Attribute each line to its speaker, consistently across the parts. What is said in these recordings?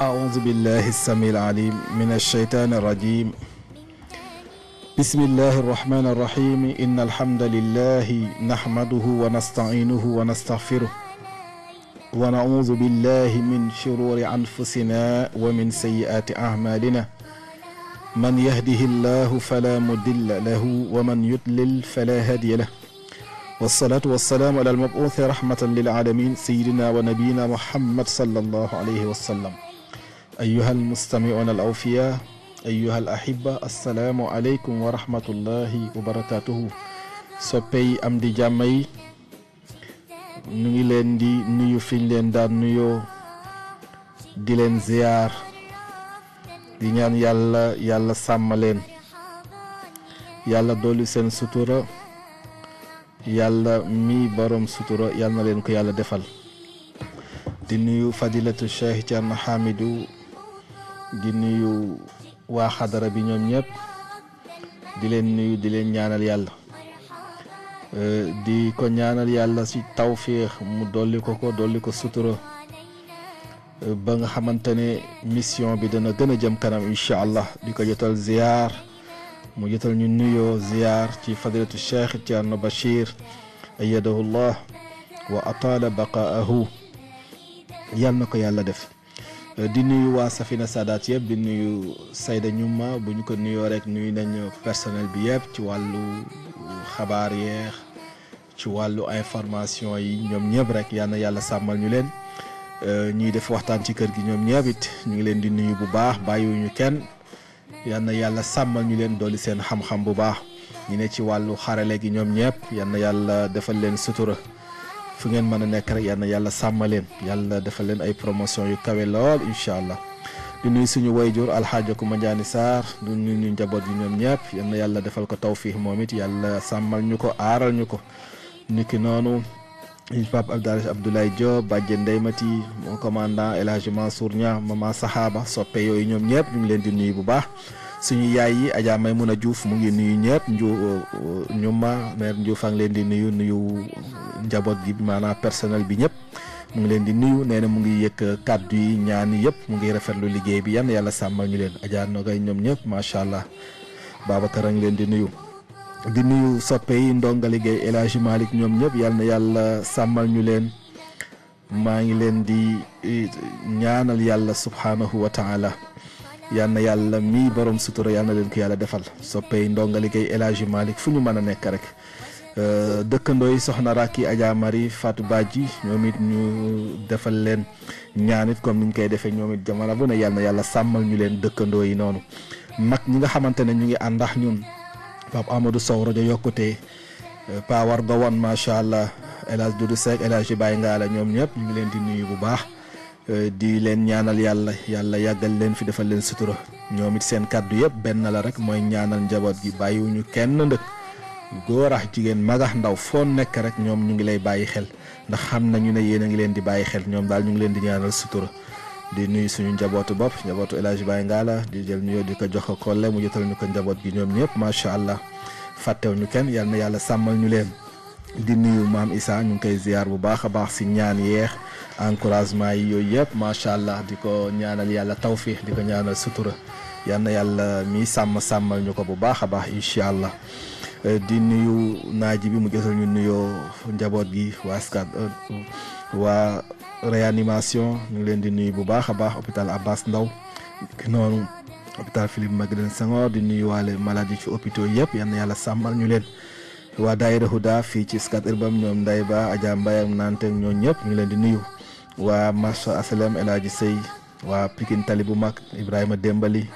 Speaker 1: أعوذ بالله السميع العليم من الشيطان الرجيم بسم الله الرحمن الرحيم إن الحمد لله نحمده ونستعينه ونستغفره ونعوذ بالله من شرور أنفسنا ومن سيئات أعمالنا من يهده الله فلا مضل له ومن يضلل فلا هادي له والصلاة والسلام على المبعوث رحمة للعالمين سيدنا ونبينا محمد صلى الله عليه وسلم أيها المستمعون الأوفياء أيها الأحبة السلام عليكم ورحمة الله وبركاته soppey am di jàmma yi ñu ngi leen di nuyu fiñ leen daan nuyoo di leen ziyaar di ñaan yàlla yàlla sàmm leen yàlla dolli seen sutura yàlla mi borom sutura yàlla na leen ko yàlla defal di nuyu fadilatu cheikh Thierno Hamidou di nuyu waa xadara bi ñoom ñëpp di leen nuyu di leen ñaanal yàlla euh, di ko ñaanal yàlla ci tawfiix mu dolli ko ko dolli ko sutura euh, ba nga xamante ne mission bi dana gën a jëm kanam incha allah di ko jotal ziyaar mu jotal ñu nuyoo ziyaar ci fadilatu cheikh Thierno Bachir ayyadahu llah wa ataala baqaahu yal na ko yàlla def Euh, di nuyu waa Safina Sadat yëpp di nuyu Sayda Ñuma bu ñu ko nuyoo rek nuyu nañu personnel bi yëpp ci wàllu xabaar yeex ci wàllu information yi ñoom ñëpp rek yal yàlla sàmmal ñu leen euh, ñuy def waxtaan ci kër gi ñoom ñëpp ñu ngi leen di nuyu bu baax bàyyiwuñu kenn yal na yàlla sàmmal ñu leen dolli seen xam-xam bu baax ñu ne ci wàllu xarale gi ñoom ñëpp yal yàlla defal leen sutura. fu ngeen mën a nekk rek yal na yàlla sàmm leen yàlla defal leen ay promotion yu kawe lool incha allah di nuyu suñu wayjur alxaaja Kuma Njaani Sarr di nuyu njaboot yi ñoom ñëpp yal na yàlla defal ko tawfiix moom it yàlla sàmmal ñu ko aaral ñu ko niki noonu Pape Abdallah Abdoulaye Diop Bàjje Ndeymati mon commandant El Hadj Mansour Niang Mama saxaaba soppe yooyu ñoom ñëpp ñu ngi leen di nuyu bu baax suñu yaay yi Adja Maymuna Diouf mu ngi nuyu eh, ñepp ñu ñu ma mère Diouf ngi leen di nuyu nuyu njabot gi mana personnel bi ñepp mu ngi leen di nuyu neena na mu ngi yek kaddu yi ñaan yëpp mu ngi rafetlu liggéey bi yan yalla sàmmal ñu leen Adja Nogay ñepp ma sha allah Babacar ngi leen di nuyu. di nuyu soppe yi ndongali gay El malik ñom ñepp yal na sàmmal ñu leen maa ngi leen di ñaanal yàlla subhanahu wa ta'ala. yal na yàlla mii borom sutura yal na leen ki yàlla defal soppey ndongali kay El Hadji malik fu ñu mën a nekk rek euh, dëkkandoo yi soxna Raki Adja faatu Fatou Badji ñoom it ñu defal leen ñaan it comme niñ koy defee ñoom it jamono bu ne yàlla sàmmal ñu leen dëkkandoo yi noonu mag ñi nga xamante ne ñu ngi àndax ñun Pape Amadou Sow rajo yokkute Pa Warga Wan macha allah El Hadj Doudou Seck El Hadj Baye Ngala ñoom ñëpp ñu ngi leen di nuyu bu baax. Euh, di leen ñaanal yàlla yàlla yàggal leen fi defal leen sutura ñoom it seen kàddu yëpp benn la rek mooy ñaanal njaboot gi ñu kenn ndëkk góor ak jigéen mag ak ndaw foo nekk rek ñoom ñu ngi lay bàyyi xel ndax xam nañu ne yéen a ngi leen di bàyyi xel ñoom daal ñu ngi leen di ñaanal sutura di nuyu suñu njabootu bopp njabootu El Hadj Baye Ngala di jël nuyoo di ko jox ko kolle mu jotal ñu ko njaboot gi ñoom ñëpp macha allah fàttewu ñu kenn yal na yàlla sàmmal ñu leen. di nuyu maam isa ñu ngi koy ziar bu baax a baax si ñaan yeex encouragement yi yooyu yëpp macha allah di ko ñaanal yàlla tawfiix di ko ñaanal sutura yal yàlla mi sàmm sàmmal ñu ko bu baax a baax incha allah eh, di nuyu naaji bi mu jësal ñu nuyoo njaboot gi waa eh, waa réanimation ñu leen di nuyu bu baax a baax hôpital Abbas Ndaw noonu hôpital Philippe Magdalene sangor di nuyu maladie ci hôpitaux yëpp yàlla ñu leen wa daayira huda fii ci skat irbam ñoom nday ba aja mbayam nanteeg ñoo ñëpp ñu leen di nuyu waa marsa asalem el sey wa pikin tali mak Ibrahim ibrahima dembali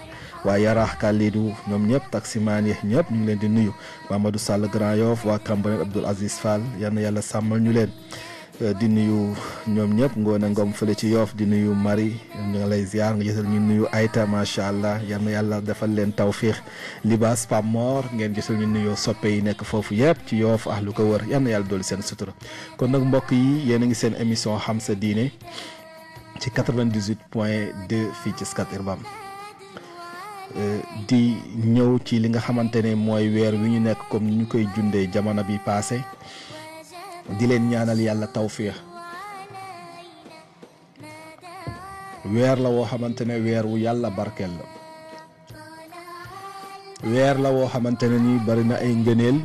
Speaker 1: wa yarah kalidu ñoom ñëpp taximaan nyop ñëpp ñu Wa leen di nuyu mamadou sall grand yoff aziz fall yann yàlla sàmmal ñu leen Eh, di nuyu ñoom ñëpp ngoone ngom fële ci yoof di nuyu Marie ñu lay ziar nga jësal ñu nuyu Ayta macha allah yal na yàlla defal leen tawfiix libaas Pamor ngeen jësal ñu nuyu soppe yi nekk foofu yëpp ci yoof ah lu ko wër yal yàlla dolli seen sutura kon nag mbokk yi yéen a ngi seen émission xam sa diine ci 98 point 2 fii ci Scat Urbam eh, di ñëw ci li nga xamante ne mooy weer wi ñu nekk comme ni ñu koy jundee jamono bi paase di leen ñaanal yàlla tawfiix weer la woo xamante ne weer wu yàlla barkeel la weer la woo xamante ne nii bari na ay ngëneel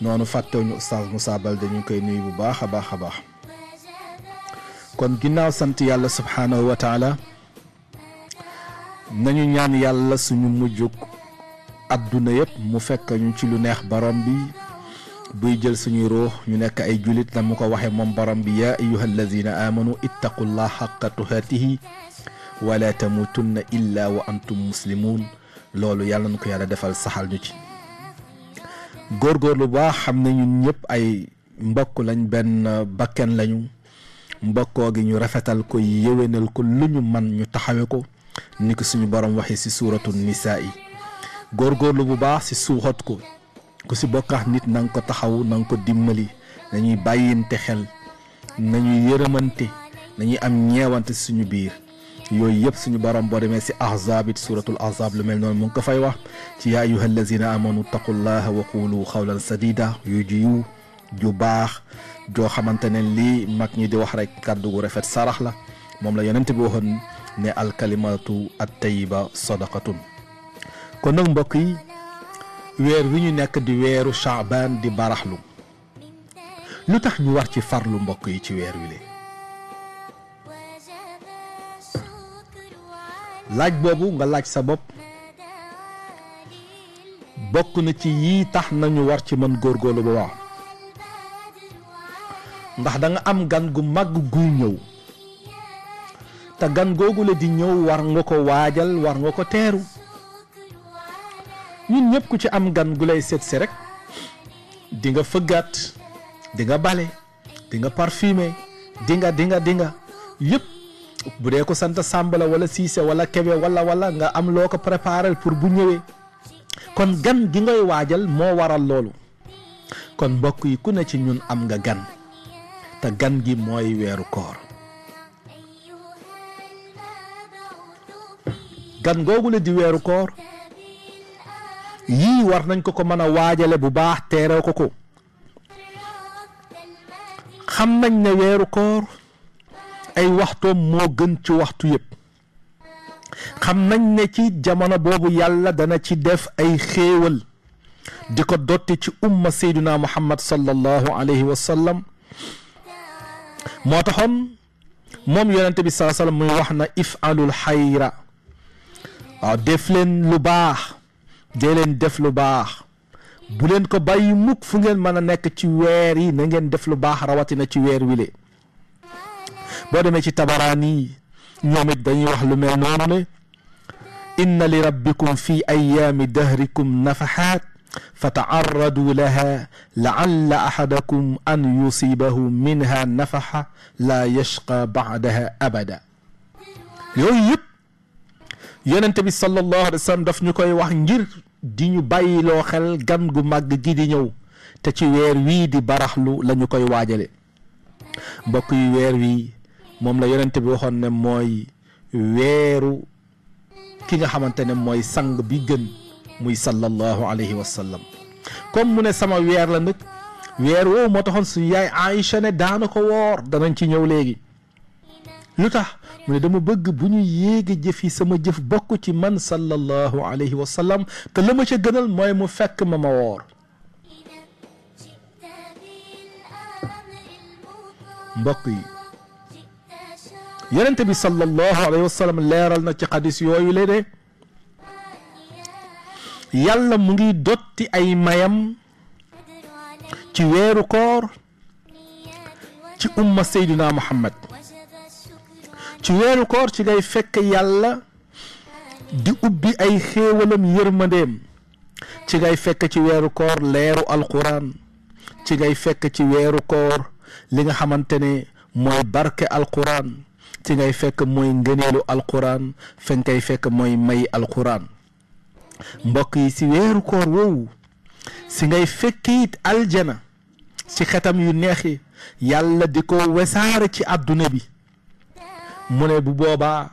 Speaker 1: noonu fàttewuñu Oustaz Moussa Baldé dañu koy nuyu bu baax a baax a baax kon ginnaaw sant yàlla subhaanahu wa taala nañu ñaan yàlla suñu mujjug adduna yëpp mu fekk ñu ci lu neex borom bi buy jël suñuy ruux ñu nekk ay julit la mu ko waxe moom borom bi ya yaa ayuha alladina aamanu ittaqullah xaqa tuhaatihi wala tamutunna illa wa antum muslimun loolu yàlla na ko yàlla defal saxal ñu ci góorgóor lu baax xam ne ñun ñëpp ay mbokk lañ benn bakken lañu mbokkoo gi ñu rafetal ko yéwénal ko lu ñu man ñu taxawe ko ni ko suñu borom waxee ci suuratu nisaa yi góorgóorlu bu baax ci suuxat ko ku ci bokkax nit nang ko taxaw nang ko dimbali nañuy bàyyinte xel nañuy yërëmante nañuy am ñewante suñu biir yoy yëpp suñu borom bo demé ci ahzab suratul ahzab lu mel non mu ko fay wax ci ya ayuha allazina amanu taqullaha wa qulu xawlan sadida yu ju bax jo xamantene li mak ñi di wax rek kàddu gu rafet sarax la mom la yonent bi waxon ne alkalimatu at tayyiba sadaqatun kon nak mbokk yi weer wi ñu nekk di weeru sha'ban di baraxlu lu ñu war ci farlu mbokk yi ci weer wi le laaj bobu nga laaj sa bop bokk na ci yi tax nañu war ci mën góorgóorlu bu baax ndax da nga am gan gu mag gu ñew ta gan googu la di ñew war nga ko wajal war nga ko teeru ñun ñëpp ku ci am gan gu lay seet si rek di nga fëggaat di nga bale di nga parfumé di nga di di nga yëpp bu dee ko sant Sàmba la wala Siise wala Kebe wala wala nga am loo ko préparé pour bu ñëwee kon gan gi ngay waajal moo waral loolu kon mbokk yi ku ne ci ñun am nga gan te gan gi mooy weeru koor gan googu la di weeru koor yii war nañ ko ko mën a waajale bu baax teeroo ko ko xam nañ ne weeru koor ay waxtoom moo gën ci waxtu yëpp xam nañ ne ci jamono boobu yàlla dana ci def ay xéewal di ko dotti ci umma sayduna muhammad sallallahu alayhi wa sallam moo taxoon moom yonente bi saa sallam muy wax na ifalul xayra waaw def leen lu baax dee leen def lu baax bu leen ko bàyyi mukk fu ngeen mën a nekk ci weer yi na ngeen def lu baax rawatina ci weer le boo demee ci tabaraan yi ñoom dañuy wax lu mel noonu ne inna li rabbikum fi ayami dahrikum nafahat فتعرضوا لها لعل احدكم ان يصيبه منها نفحه لا يشقى بعدها ابدا يويب yonent bi sallallahu alayhi wa daf ñu koy wax ngir di ñu bàyyiloo xel gan gu màgg gi di ñëw te ci weer wii di baraxlu la ñu koy waajale mbokk yi weer wii moom la yonent bi waxoon ne mooy weeru ki nga xamante ne mooy sang bi gën muy sallallahu alayhi wa sallam comme mu ne sama weer la nag weer woowu moo taxoon suñu yaay Aïcha ne daana ko woor danañ ci ñëw léegi mu ne dama bëgg bu ñu yéegi jëf yi sama jëf bokk ci man sallallahu alayhi wa sallam te la ma ca gënal mooy mu fekk ma ma woor mbokk yi yonente bi sallallahu alayhi wa sallam leeral na ci xadis yooyu le de yàlla mu ngi dotti ay mayam ci weeru koor ci umma seydina muhammad ci weeru koor ci ngay fekk yàlla di ubbi ay xéewalam yërmandeem ci ngay fekk ci weeru koor leeru alquran ci ngay fekk ci weeru koor li nga xamante ne mooy barke alquran ci ngay fekk mooy ngëneelu alquran fekk mooy may alquran mbokk yi si weeru koor woowu si ngay fekk it aljana si xetam yu neex yi yàlla di ko wesaare ci àdduna bi mu ne bu boobaa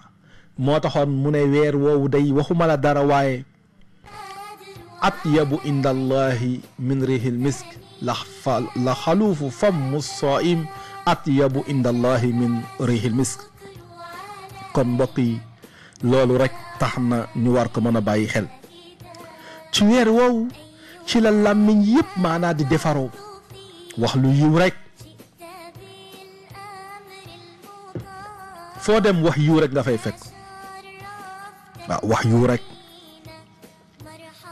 Speaker 1: moo taxoon mu ne weer woowu day waxuma la dara waaye at yabu allahi min rihil misk la fa la xaluufu fammu saaim atyabu inda allahi min rihil misk kon mbokk yi loolu rek tax na ñu war ko mën a bàyyi xel ci weer woowu ci la làmmiñ yëpp maanaa di defaroo wax lu yiw foo dem wax yu rek nga fay fek waaw wax yu rek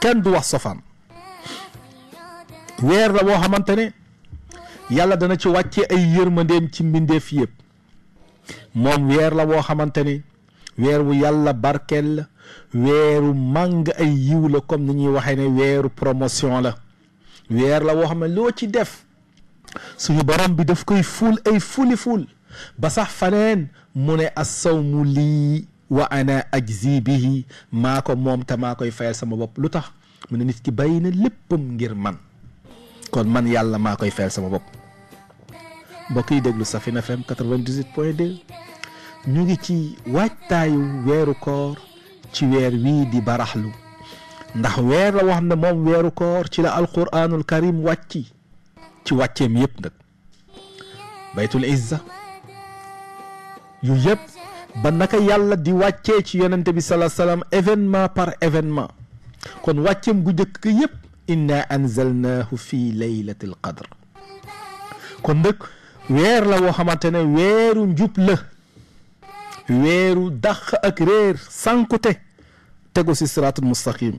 Speaker 1: kenn du wax safaan wer la bo xamantene yàlla dana ci wàcce ay yermandem ci mbindeef yeb mom wer la bo xamantene wer wu yàlla barkel la weeru màng ay yiw la comme ni ñi waxé ne weeru promotion la wér la woo xam lo ci def suñu borom bi daf koy ful ay fuli ful ba sax fanen mu ne assawmu lii wa ana ajzi bihi maa ko moom te maa koy fayal sama bopp lu tax mu ne nit ki bàyyi na léppam ngir man kon man yàlla maa koy fayal sama bopp mbokk yi déglu Safina FM 98 point 2 ñu ngi ci waajtaayu weeru koor ci weer wii di baraxlu ndax weer la wax ne moom weeru koor ci la alquranul karim wàcci ci wàcceem yépp nag baytul izza yu yep ba naka yàlla di wacce ci yonante bi sallallahu alayhi wasallam événement par événement kon wàcceem gu njëkk ke yep inna anzalnahu fi laylatil qadr kon nag wer la wo xamantene weru njub le weru dakh ak réer sànkute tegu si siraatul mustaqim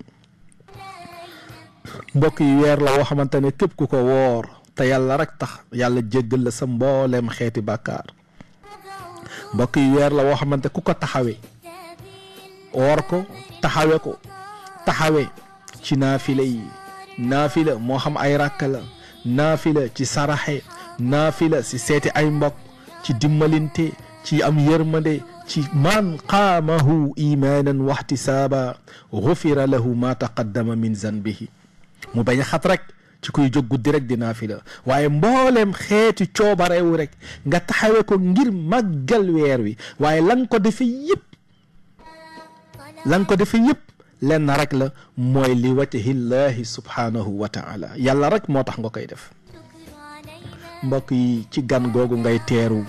Speaker 1: mbokk yi weer la woo xamante ne képp ku ko woor te yàlla rek tax yàlla jéggal la sa mbooleem xeeti bàkkaar mbokk yi weer la woo xamante ku ko taxawee oor ko taxawe ko taxawe ci naafila yi naafila moo xam ay ràkk la naafila ci saraxe naafila si seeti ay mbokk ci dimbalinte ci am yërmande ci man qaamahu imaanan waxtisaaba gufira lahu ma taqaddama min zanbihi mu bañ a ci kuy jóg guddi rek di naafila waaye mboolem xeeti coobarewu rek nga taxawe ko ngir màggal weer wi waaye lan ko defe yëpp lan ko defe yëpp lenn rek la mooy li wajhi llahi subhanahu wa taala yàlla rek moo tax nga koy def mbokk yi ci gan googu ngay teeru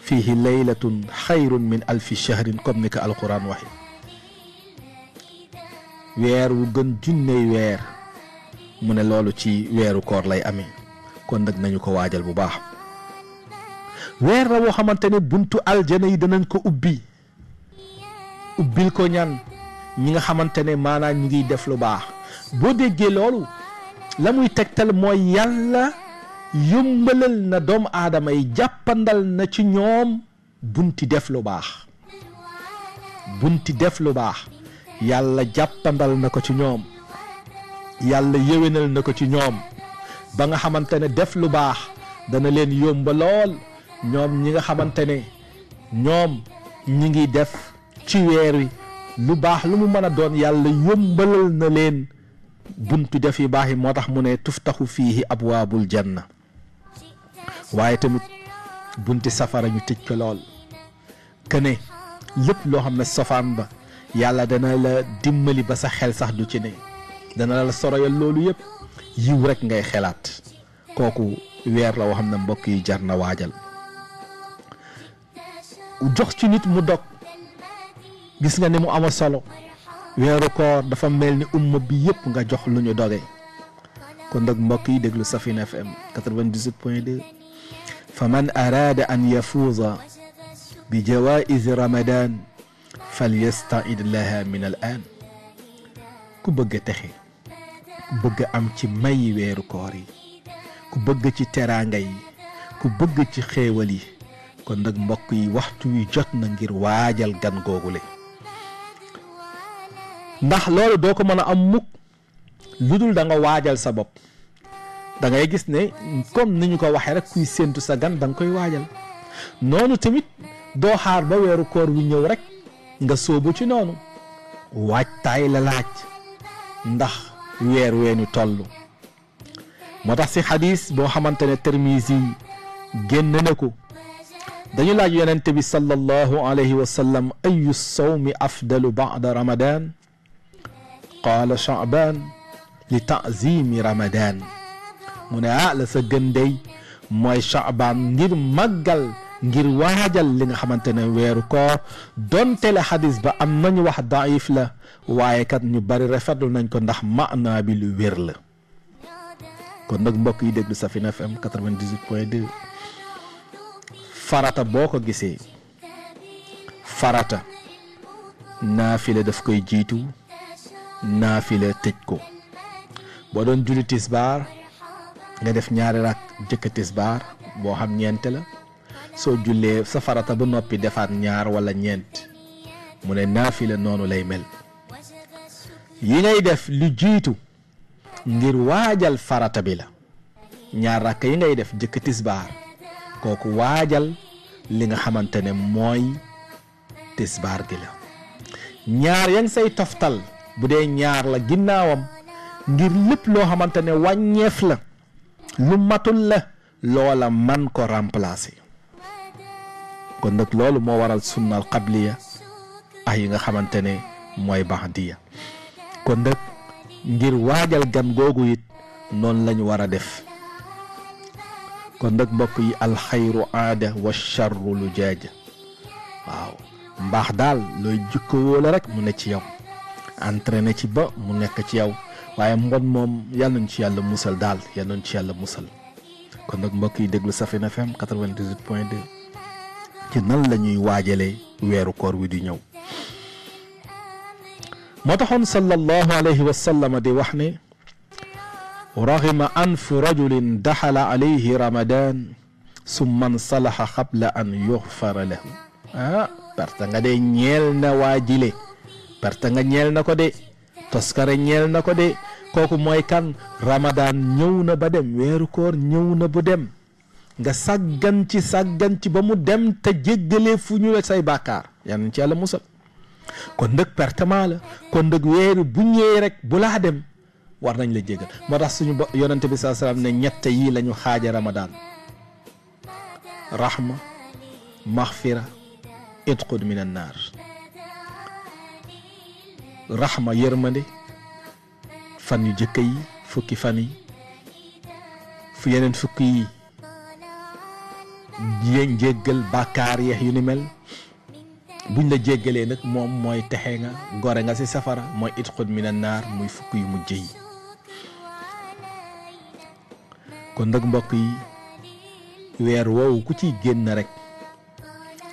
Speaker 1: fihi laylatun xayrun min alfi shahrin comme ni ko alquran waxe weer wu gën junney weer mu ne loolu ci weeru koor lay amee kon nag nañu ko waajal bu baax weer la xamante ne buntu aljana yi danañ ko ubbi ubbil ko ñan ñi nga xamante ne maanaam ñu ngi def lu baax boo déggee loolu la muy tegtal mooy yàlla yombalal na doomu aadama yi jàppandal na ci ñoom bunti def lu baax bunti def lu baax yàlla jàppandal na ko ci ñoom yàlla yéwénal na ko ci ñoom ba nga xamante ne def lu baax dana leen yomb lool ñoom ñi nga xamante ne ñoom ñi ngi def ci weer wi lu baax lu mu mën a doon yàlla yombalal na leen buntu def yi baax yi moo tax mu ne tuftaxu fiihi abwaabul janna waaye tamit bunti safara ñu tëj ko lool kene lépp loo xam ne sofaan ba yàlla dana la dimbali ba sa xel sax du ci ne dana la soreyal loolu yëpp yiw rek ngay xelaat kooku weer la woo xam ne mbokk yi jar na waajal jox ci nit mu dog gis nga ni mu ama solo weeru koor dafa mel ni umma bi yëpp nga jox lu ñu doge kon nag mbokk yi déglu Safina FM point 2 fa man araada an yafuuza bi jawaa'iz ramadan falyasta'id laha min al ku bëgg a texe bëgg am ci mayi weeru koor yi ku bëgg ci teraanga yi ku bëgg ci xéewal yi kon nag mbokk yi waxtu wi jot na ngir waajal gan googule ndax loolu doo ko mën a am mukk lu dul da waajal sa bopp da gis ne comme ni ko waxee rek kuy séentu sa gan da koy waajal noonu tamit doo xaar ba weeru koor wi ñëw rek nga sóobu ci noonu waajtaay la laaj ndax weer weeni toll moo tax si xadis boo xamante ne termisi génn na ko dañu laaj yonente bi sallallahu alayhi wa sallam ayu sawmi afdalu bada ramadan qaala chaaban li taazimi ramadan mu ne ah la sa gën day mooy chaaban ngir màggal ngir waajal li nga xamante ne weeru koor donte la xadis ba am nañu wax daif la waaye kat ñu bari rafetlu nañ ko ndax maanaa bi lu wér la kon nag mbokk yi déglu Safina FM 98.2 farata boo ko gisee farata naafile daf koy jiitu naafile tëj ko boo doon julli tisbaar nga def ñaari rak jëkk tisbaar boo xam ñeente la soo jullee sa farata ba noppi defaat ñaar walla ñeent mu ne naafila noonu lay mel yi ngay def lu jiitu ngir waajal farata bi la ñaar rakk yi ngay def jëkk tisbaar kooku waajal li nga xamante ne mooy tisbaar gi la ñaar yang say toftal bu dee ñaar la ginnaawam ngir lépp loo xamante ne wàññeef la lu matul la loola man ko remplacer kon nag loolu moo waral sunnal qabliya ak yi nga xamante ne mooy baxdiya kon nag ngir waajal gan googu it noonu lañu war a def kon nag mbokk yi alxayru aada wa charru lu jaaja waaw mbaax daal looy jikko wóola rek mu ne ci yow entraîné ci ba mu nekk ci yow waaye mbon moom yal nañ ci yàlla musal daal yal nañ ci yàlla musal kon nag mbokk yi déglu Safin FM 98 point 2 ci nan la ñuy waajalee weeru koor wi di ñëw moo taxoon sallallahu alayhi di wax ne raxima anfu rajulin daxala alayhi ramadan summa nsalaxa qabla an yuxfara lahu ah parce nga de ñeel na waa jile nga ñeel na ko de toskare ñeel na ko de kooku mooy kan ramadan ñëw na ba dem weeru koor ñëw na bu dem nga sàggan ci sàggan ci ba mu dem te jéggalee fu ñu say bàkkaar yal ci yàlla musal kon ndëg pertement la kon ndëg weeru bu ñëwee rek bu laa dem war nañ la jéggal moo tax suñu yonente bi saa salaam ne ñett yii la ñu xaaja ramadaan rahma maxfira itqud min an naar rahma yërmande fan yu jëkk yi fukki fan yi fu yeneen fukki yi yéen jéggal bàkkaar yeex yu ni mel buñ la jéggalee nag moom mooy texe nga gore nga ci safara mooy it xut na naar muy fukk yu mujj yi kon nag mbokk yi weer woowu ku ci génn rek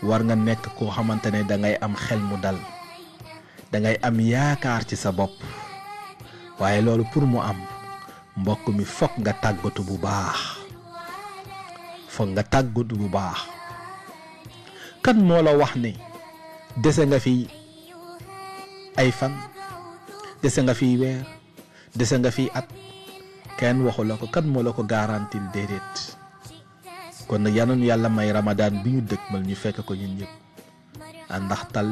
Speaker 1: war nga nekk koo xamante ne dangay am xel mu dal dangay am yaakaar ci sa bopp waaye loolu pour mu am mbokk mi fokk nga tàggatu bu baax foog nga tàggatu bu baax kan moo la wax ne dese nga fi ay fan dese nga fi weer dese nga fi at kenn waxu la ko kan moo la ko garantil déedéet kon nag yal yàlla may ramadaan bi ñu dëkk dëgmal ñu fekk ko ñu ñëpp ndax tal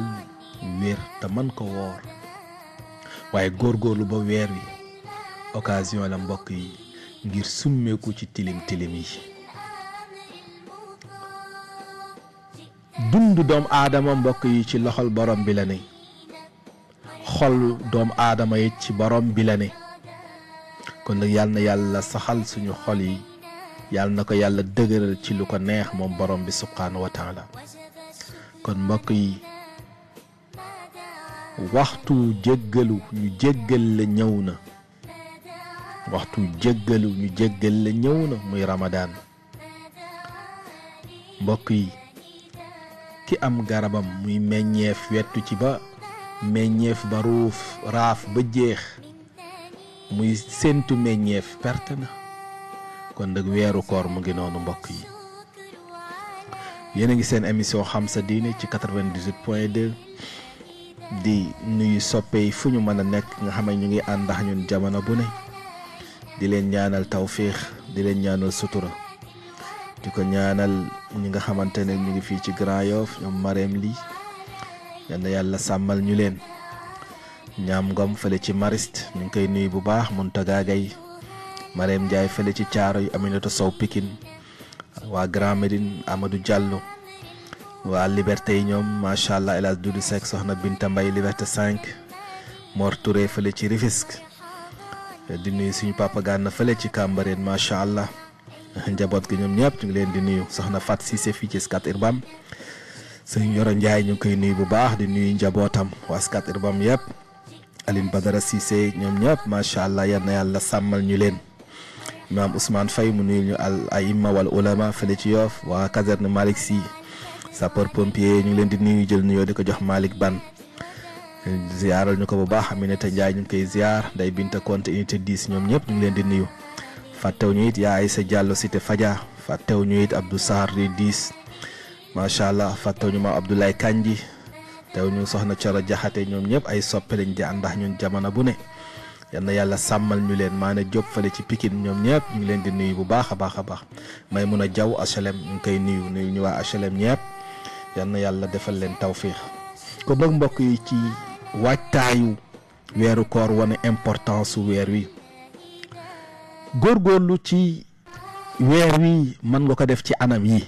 Speaker 1: wér te mën ko woor waaye góorgóorlu ba weer wi occasion la mbokk yi ngir summeeku ci tilim tilim yi dund doom aadama mbokk yi ci loxol borom bi la ne xol doom aadama yi ci borom bi la ne kon nag yàlla na yàlla saxal suñu xol yi yàlla na ko yàlla dëgëral ci lu ko neex moom borom bi subhaanahu wa taala kon mbokk yi waxtu jéggalu ñu jéggal la ñëw na waxtu jéggalu ñu muy ramadaan mbokk yi ki am garabam muy meññeef wetu ci ba meññeef ba ruuf raaf ba jeex muy séentu meññeef perte na kon nag weeru koor mu ngi noonu mbokk yi yéen a ngi seen émission xam sa diine ci 98 point de di nuyu soppee fu ñu mën a nekk nga xam ñu ngi ànd ak ñun jamono bu ne di leen ñaanal tawféex di leen ñaanal sutura di ko ñaanal ñu nga xamante ne ñu ngi fii ci Grand Yoff ñoom Marème Ly yàlla sàmmal ñu leen ñaam ngom fële ci Mariste ñu ngi koy nuyu bu baax Mountaga Gaye Marème Ndiaye fële ci Thiaroye Aminata Sow Pikine waa Grand Médine Amadou Diallo waa Liberté yi ñoom macha allah El Hadj Doudou Seck soxna Binta Mbaye Liberté 5 fële ci Rufisque di nuyu suñu papa gànn fële ci Cambérène macha allah. njaboot gi ñoom ñëpp ñu ngi leen di nuyu soxna Fat Cissé fii ci Scat Urbam sëñ Yoro Ndiaye ñu koy nuyu bu baax di nuyu njabootam waa Scat Urbam yëpp Aline Badara Cissé ñoom ñëpp macha allah yal na yàlla sàmmal ñu leen imaam Ousmane Faye mu nuyu ñu al aïma wal ulama fële ci Yoff waa caserne Malick sii sapor pompier ñu ngi leen di nuyu jël nuyoo di ko jox malik Ban ziyaaral ñu ko bu baax te Ndiaye ñu ngi koy ziyaar Ndeye Binta Konte unité 10 ñoom ñëpp ñu ngi leen di nuyu. fàttewuñu it yaa Aïssa Diallo cité Fadia fàttewuñu it Abdou sahar di diis macha allah fàttewuñu ma Abdoulaye Kanji taw ñu soxna Coro Jaxate ñom ñep ay soppe lañ di andax ñun jamana bu ne yalla yalla samal ñu leen maana jóg fale ci Pikine ñom ñep ñu leen di nuyu bu baaxa baaxa baax may mun jaw jaww ñu kay nuyu nuyu ñu wa HLM ñep yalla yalla defal leen tawfiq ko bëgg mbokk yi ci wéru koor wone importance wéru góor góorlu ci weer wi mën nga ko def ci anam yi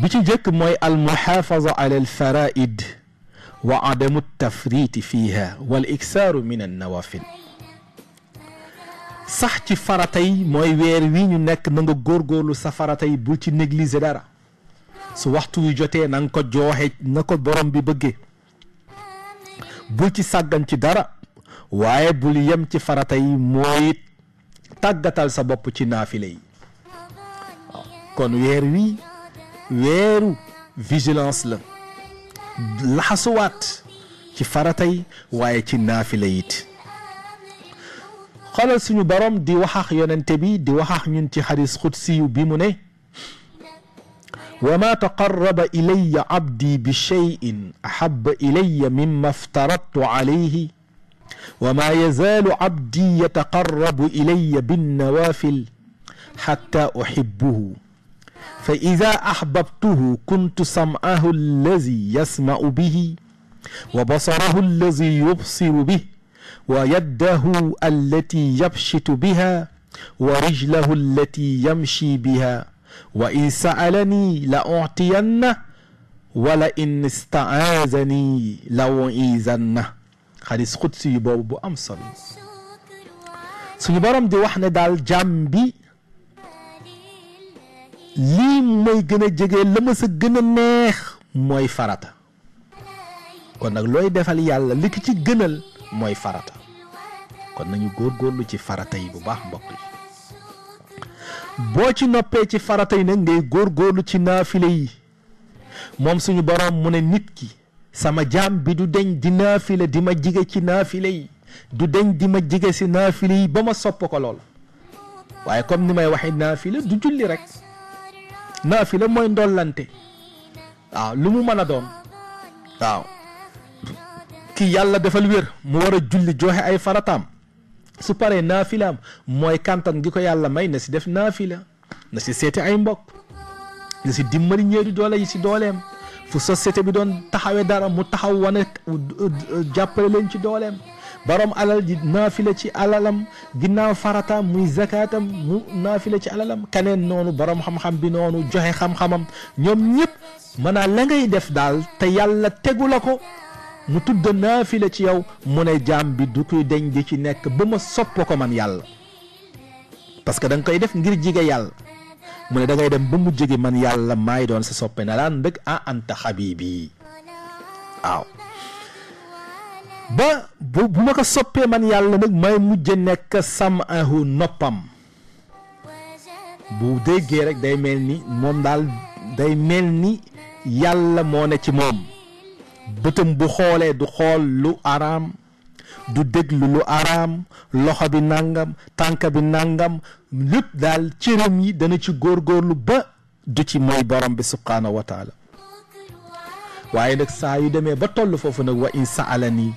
Speaker 1: bi ci jëkk mooy al muxaafaza ala al faraid wa adamu tafriti fiiha wal iksaaru min an nawafil sax ci faratay mooy weer wi ñu nekk na nga góorgóorlu sa faratay bul ci négliger dara su waxtu wi jotee na ko jooxe na ko borom bi bëggee bul ci sàggan ci dara waaye bul yem ci faratay mooy tagatal sa bop ci nafile yi kon wer wi weru vigilance la laxasuwaat ci faratay waye ci nafile it xoolal suñu borom di ak yonente bi di ak ñun ci hadith qudsi bi mu ne وما تقرب إلي عبدي بشيء أحب إلي مما افترضت عليه وما يزال عبدي يتقرب إلي بالنوافل حتى أحبه فإذا أحببته كنت سمعه الذي يسمع به وبصره الذي يبصر به ويده التي يبشت بها ورجله التي يمشي بها وإن سألني لأعطينه ولئن استعاذني لأعيذنه xadis xudsi yu boobu bu am solo suñu borom di wax ne daal jàmm bi lii mooy gën a jege la ma sa gën a neex mooy farata kon nag looy defal yàlla li ki ci gënal mooy farata kon nañu góorgóorlu ci farata yi bu baax mbokk yi boo ci noppee ci farata yi nag ngay góorgóorlu ci naafile yi moom suñu borom mu ne nit ki sama jaam bi du deñ di naafila di ma jige ci naafila yi du deñ di ma jige si naafila yi ba ma sopp ko lool waaye comme ni may waxee naafila du julli rek naafila mooy ndollante waaw lu mu mën a doon waaw ki yàlla defal wér mu war a julli joxe ay farataam su paree naafilaam mooy kantan gi ko yàlla may na si def naafila na si seeti ay mbokk na si dimbali ñeeri doole yi si dooleem fu société bi doon taxawee dara mu taxaw wane jàppale leen ci dooleem borom alal ji naafila ci alalam ginnaaw farata muy zakaatam mu naafila ci alalam keneen noonu borom xam-xam bi noonu joxe xam-xamam ñoom ñëpp mën a la ngay def daal te yàlla tegu la ko mu tudd naafila ci yow mu ne jaam bi du koy deñ ci nekk ba ma sopp ko man yàlla parce que da nga koy def ngir jige yàlla mu ne dangay dem ba mu jege man yàlla maay doon sa soppee na laan ndëg a ah, anta xabibi waaw ba bu bu ma ko soppee man yàlla nag may mujj nekk sam ahu noppam bu déggee rek day mel ni moom daal day mel ni yàlla moo ne ci moom bëtam bu xoolee du xool lu araam du déglu lu araam loxo bi nangam tànk bi nangam lépp daal cëram yi dana ci góor góorgóorlu ba du ci mooy borom bi subhaanahu wa taala waaye nag saa yu demee ba toll foofu nag wa in saalani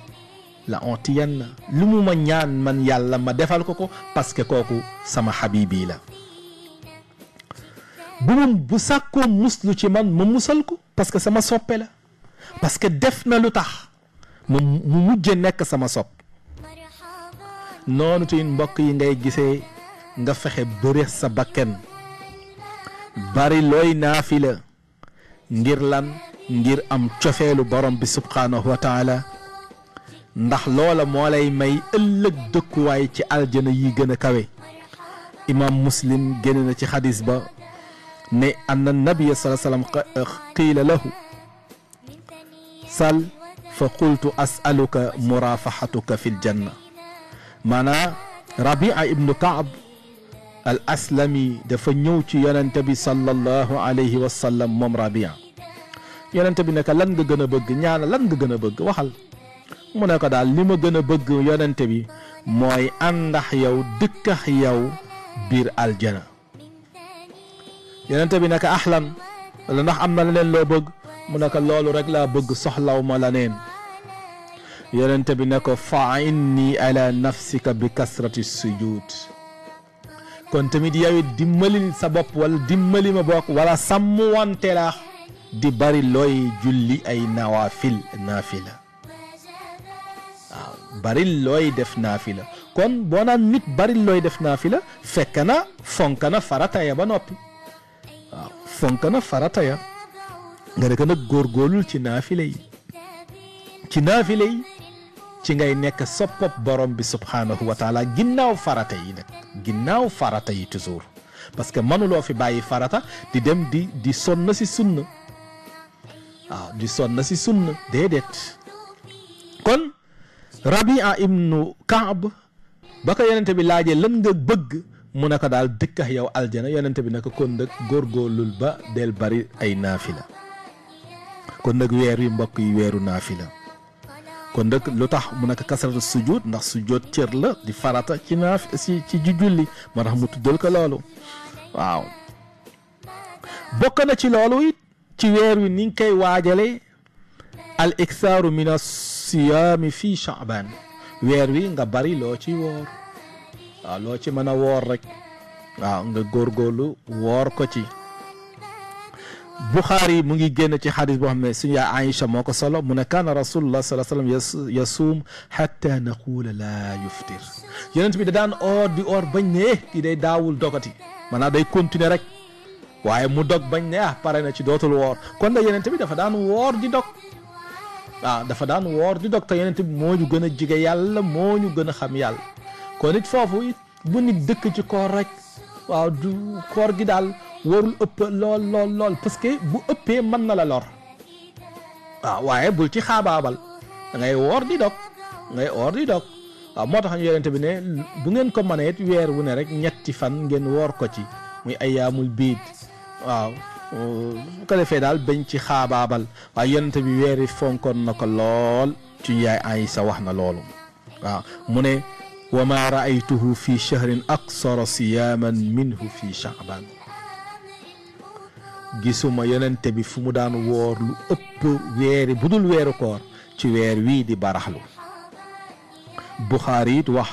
Speaker 1: la ontiyan na lu mu ma ñaan man yàlla ma defal ko ko parce que kooku sama xabibi la bu mu bu sàkkoo muslu ci man ma musal ko parce que sama soppe la parce que def na lu tax mu mujje nekk sama sopp noonu tamit mbokk yi ngay gisee nga fexe bëre sa bakken bari looy naafila ngir lan ngir am cofeelu borom bi subhaanahu wa taala ndax loola moo lay may ëllëg dëkkuwaay ci aljana yi gën a kawe imaam muslim génn na ci xadis ba ne anna nabiya sala sallam euh, qiila lahu sal fa qultu asaluka murafaxatuka fi ljanna maanaam rabia ibnu kaab al aslami dafa ñëw ci yonente bi sallallahu alayhi wa sallam moom rabia yonente bi ne lan nga gën a bëgg ñaana lan nga gën a bëgg waxal mu ne ko daal li ma gën a bëgg yonente bi mooy àndax yow dëkkax yow biir aljana yonente bi ne ko la wala ndax am na leneen loo bëgg mu ne loolu rek laa bëgg soxlaw ma la neen yonente bi na ko fa inni ala nafsika bi kasrati sujud kon tamit yow it dimbali sa bopp wala dimbali ma bokk wala sàmm la di bari looy julli ay nawaafil naafila waaw bari looy def naafila kon boo naan nit bari looy def naafila fekk na fonk na farataya ba noppi waaw fonk na farataya nga ne ko nag góorgóorlul ci naafila yi ci ngay nekk soppop borom bi subhaanahu wa ginnaaw farata yi nag ginnaaw farata yi toujours parce que mënuloo fi bàyyi farata di dem di di sonna si sunna waaw ah, di sonna si sunna déedéet kon rabia ibnu kaab ba ko yonente bi laajee lan nga bëgg mu ne ko daal dëkkax yow aljana yonente bi naka kon nag góorgóorlul ba del bari ay naafila kon nag weer wi mbokk yi weeru naafila kon nag lu tax mu nekk kasaratu sujud ndax sujud cër la di farata ci naaf si ci julli moo tax mu tuddal ko loolu waaw bokk na ci loolu it ci weer wi ni koy waajale al iksaaru min asiyaami fii chaban weer wi nga bari loo ci woor waaw loo ci mën a woor rekk waaw nga góorgóorlu woor ko ci Buxaari mu ngi génn ci xadis boo xam ne suñu yaay Aïcha moo ko solo mu ne kaana rasulullah salaa sallam yasuum xatta naquula laa yuftir yonent bi da daan oor di oor bañ ne kii day daawul dogati maanaam day continuer rek waaye mu dog bañ ne ah pare na ci dootul woor kon da yonent bi dafa daan woor di dog waaw ah, dafa daan woor di dog te bi moo ñu gën a jige yàlla moo ñu gën a xam yàlla kon it foofu bu nit dëkk ci koor rek waaw du koor gi daal warul ëpp lool lool lool parce que bu ëppee mën na la lor waaw waaye bul ci xaabaabal da ngay woor di dog ngay woor di dog waaw moo tax ñu yorente bi ne bu ngeen ko mënee it weer wu ne rek ñetti fan ngeen woor ko ci muy ayaamul biid waaw bu ko defee daal bañ ci xaabaabal waaye yorente bi weer yi fonkoon na ko lool ci yaay Aysa wax na loolu waaw mu ne wa ma raaytuhu fi shahrin aksara siyaman minhu fi shaaban gisuma yonente bi fu mu daan woor lu ëpp weeri bu dul weeru koor ci weer wii di baraxlu buxaari it wax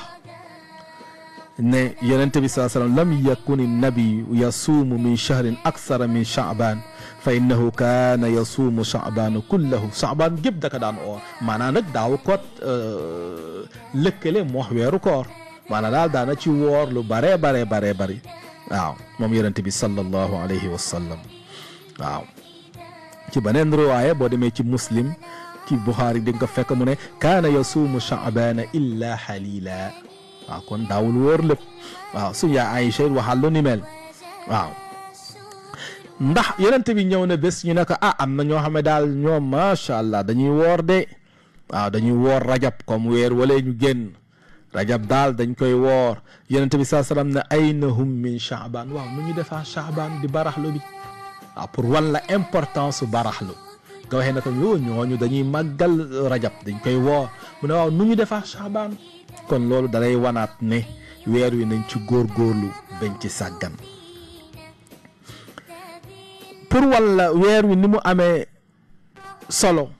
Speaker 1: ne yonente bi saa sallam lam yakun nabiyu yasuumu min shahrin aksara min chaabaan fa innahu kaana yasuumu chaabaanu kullahu chaabaan gépp daka daan oor maanaam nag daaw kot euh, lëkkale moo wax weeru koor maanaam daal daana ci woor lu bare bare bare bari waaw moom yonente bi sallallahu alayhi wa sallam waaw ci beneen ruwaaya boo demee ci muslim ci buxaari di nga fekk mu ne kaana yasuumu chaabaana illa xalila waaw kon daawul wóor lépp waaw suñ yaa Aïcha waxal lu ni mel waaw ndax yonent bi ñëw na bés ñu ne ko ah am na ñoo xam ne daal ñoom macha allah dañuy woor de waaw dañuy woor rajab comme weer wala ñu génn rajab daal dañ koy woor yonent bi saa salaam ne ayna hum min chaaban waaw mu ñu defaa chaaban di baraxlu bi waaw ah, pour wan la importance su baraxlu nga waxee ne ko yow ñooñu dañuy màggal rajab dañ koy woo mu ne waaw nu ñu defar Shaabaan kon loolu dalay wanaat ne weer wi nañ ci góorgóorlu bañ ci sàggan pour walla weer wi ni mu amee solo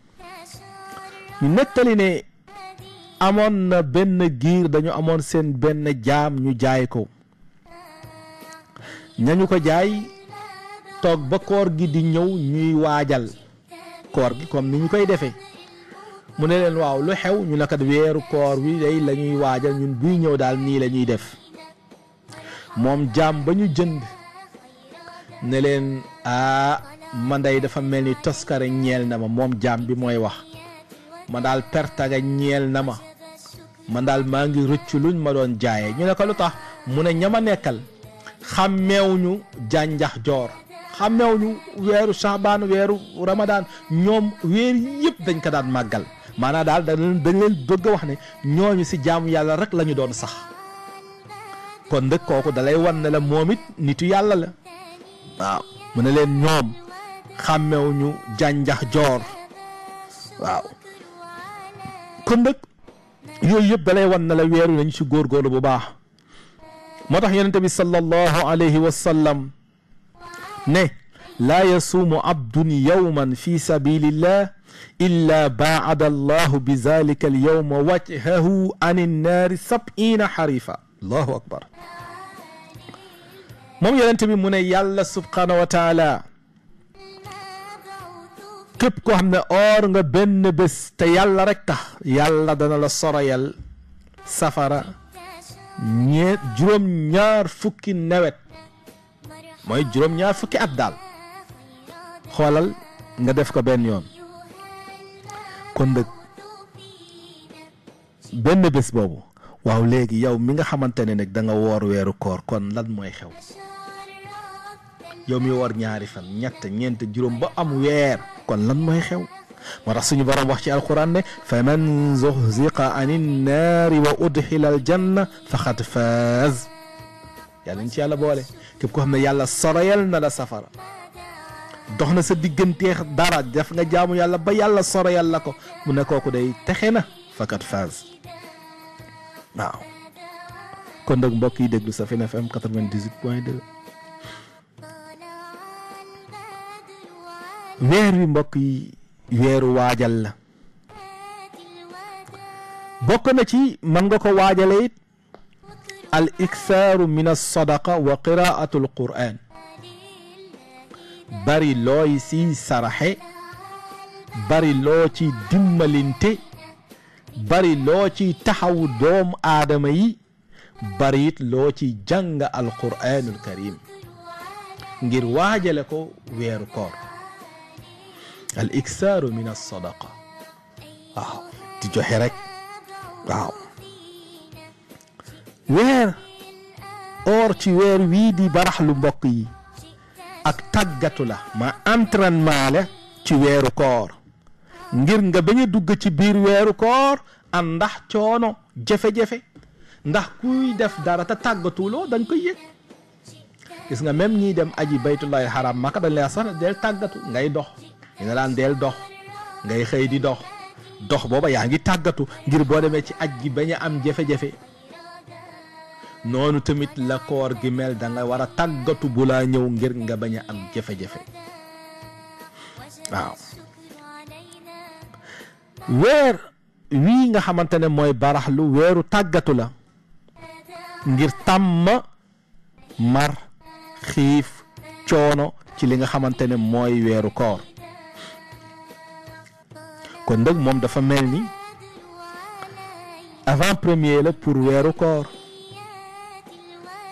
Speaker 1: ñu nettali ne amoon na benn giir dañu amoon seen benn jaam ñu jaay ko ñañu ko jaay toog ba koor gi di ñëw ñuy waajal koor gi comme ni ñu koy defee mu ne leen waaw lu xew ñu ne kat weeru koor wi day la waajal ñun buy ñëw daal nii lañuy def moom jaam ba ñu jënd ne leen ah man dafa mel ni toskare ñeel na ma moom jaam bi mooy wax ma daal pertaga ñeel na ma man daal maa ngi rëccu luñ ma doon jaayee ñu ne lu tax mu ne ñama nekkal xàmmeewuñu jànjax joor xàmmewuñu weeru saabaan weeru ramadaan ñoom weer yépp dañ ko daan màggal maanaam daal dañ dañ leen bëgg a wax ne ñooñu si jaamu yàlla rek lañu doon sax kon ndëkk kooku dalay wan ne la moom it nitu yàlla la waaw mu ne leen ñoom xàmmewuñu jànjax joor waaw kon nag yooyu yëpp dalay wan ne la weeru nañ si góorgóorlu bu baax moo tax yonente bi sallallahu alayhi wa sallam ne laa yasuumu abdun yowman fi sabilillah illa baada allahu bi zalika alyowma wajhahu an innaari sab'iina xarifa allahu akbar moom yonent bi mu ne yàlla subhaanahu wa taala képp koo xam ne oor nga benn bés te yàlla rek tax yàlla dana la sorayal safara ñee juróom ñaar fukki nawet mooy juróom-ñaar fukki at daal xoolal nga def ko benn yoon kon nag benn bés boobu waaw léegi yow mi nga xamante ne nag da nga woor weeru koor kon lan mooy xew yow mi woor ñaari fan ñett ñeent juróom ba am weer kon lan mooy xew moo tax suñu borom wax ci alquran ne fa man zuhziqa ani naari wa udxila aljanna faqad faaz yàlla nañ ci yàlla boole képp koo xam ne yàlla soreyal na la safara dox na sa digganteex dara def nga jaamu yàlla ba yàlla soreyal la ko mu ne kooku day texe na fakat phase waaw kon nag mbokk yi déglu Safina FM 98 point 2 weer wi yi weeru waajal la bokk na ci mën nga ko waajale al iksaaru min alsadaqa wa qiraatu al quran bari looy siy saraxe bari loo ci bari loo taxawu doom aadama yi bari it loo ci jàng alquraanul karim ngir waajale ko weeru koor al iksaaru min alsadaqa waaw weer or ci weer wii di baraxlu mbokk yi ak tàggatu la ma entraînement la ci weeru koor ngir nga bañ a dugg ci biir weeru koor am ndax coono jafe-jafe ndax kuy def dara te tàggatuloo dañ koy yëg gis nga même ñiy dem aji baytullahi haram maka dañ lay sax deel tàggatu ngay dox ñu nga daan del dox ngay xëy di dox dox booba yaa ngi tàggatu ngir boo demee ci aj gi bañ a am jafe-jafe noonu tamit la koor gi mel danga nga war a tàggatu bu laa ñëw ngir nga baña am jafe-jafe waaw weer wii nga xamante ne mooy baraxlu weeru tàggatu la ngir tàmm mar xiif coono ci li nga xamante ne mooy weeru koor kon nag moom dafa mel ni avant premier la pour weeru koor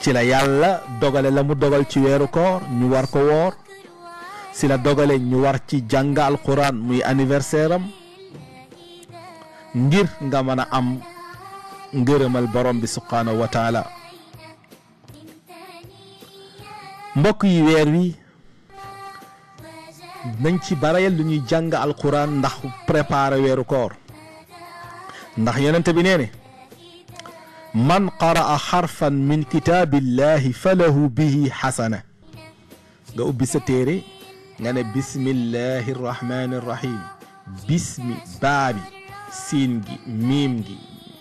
Speaker 1: ci la yàlla dogale la mu dogal ci weeru koor ñu war ko woor ci la dogale ñu war ci jàng alquran muy anniversaire ngir nga mën a am ngërëmal borom bi subhaanahu wa taala mbokk yi weer wi nañ ci barayal lu ñuy jàng alxuraan ndax prépare weeru koor ndax yonente bi nee من قرأ حرفا min kitaabillahi falahu bihi xasana nga ubbi sa téere nga ne bismillahi rahmani rahim bismi baabi siin gi miim gi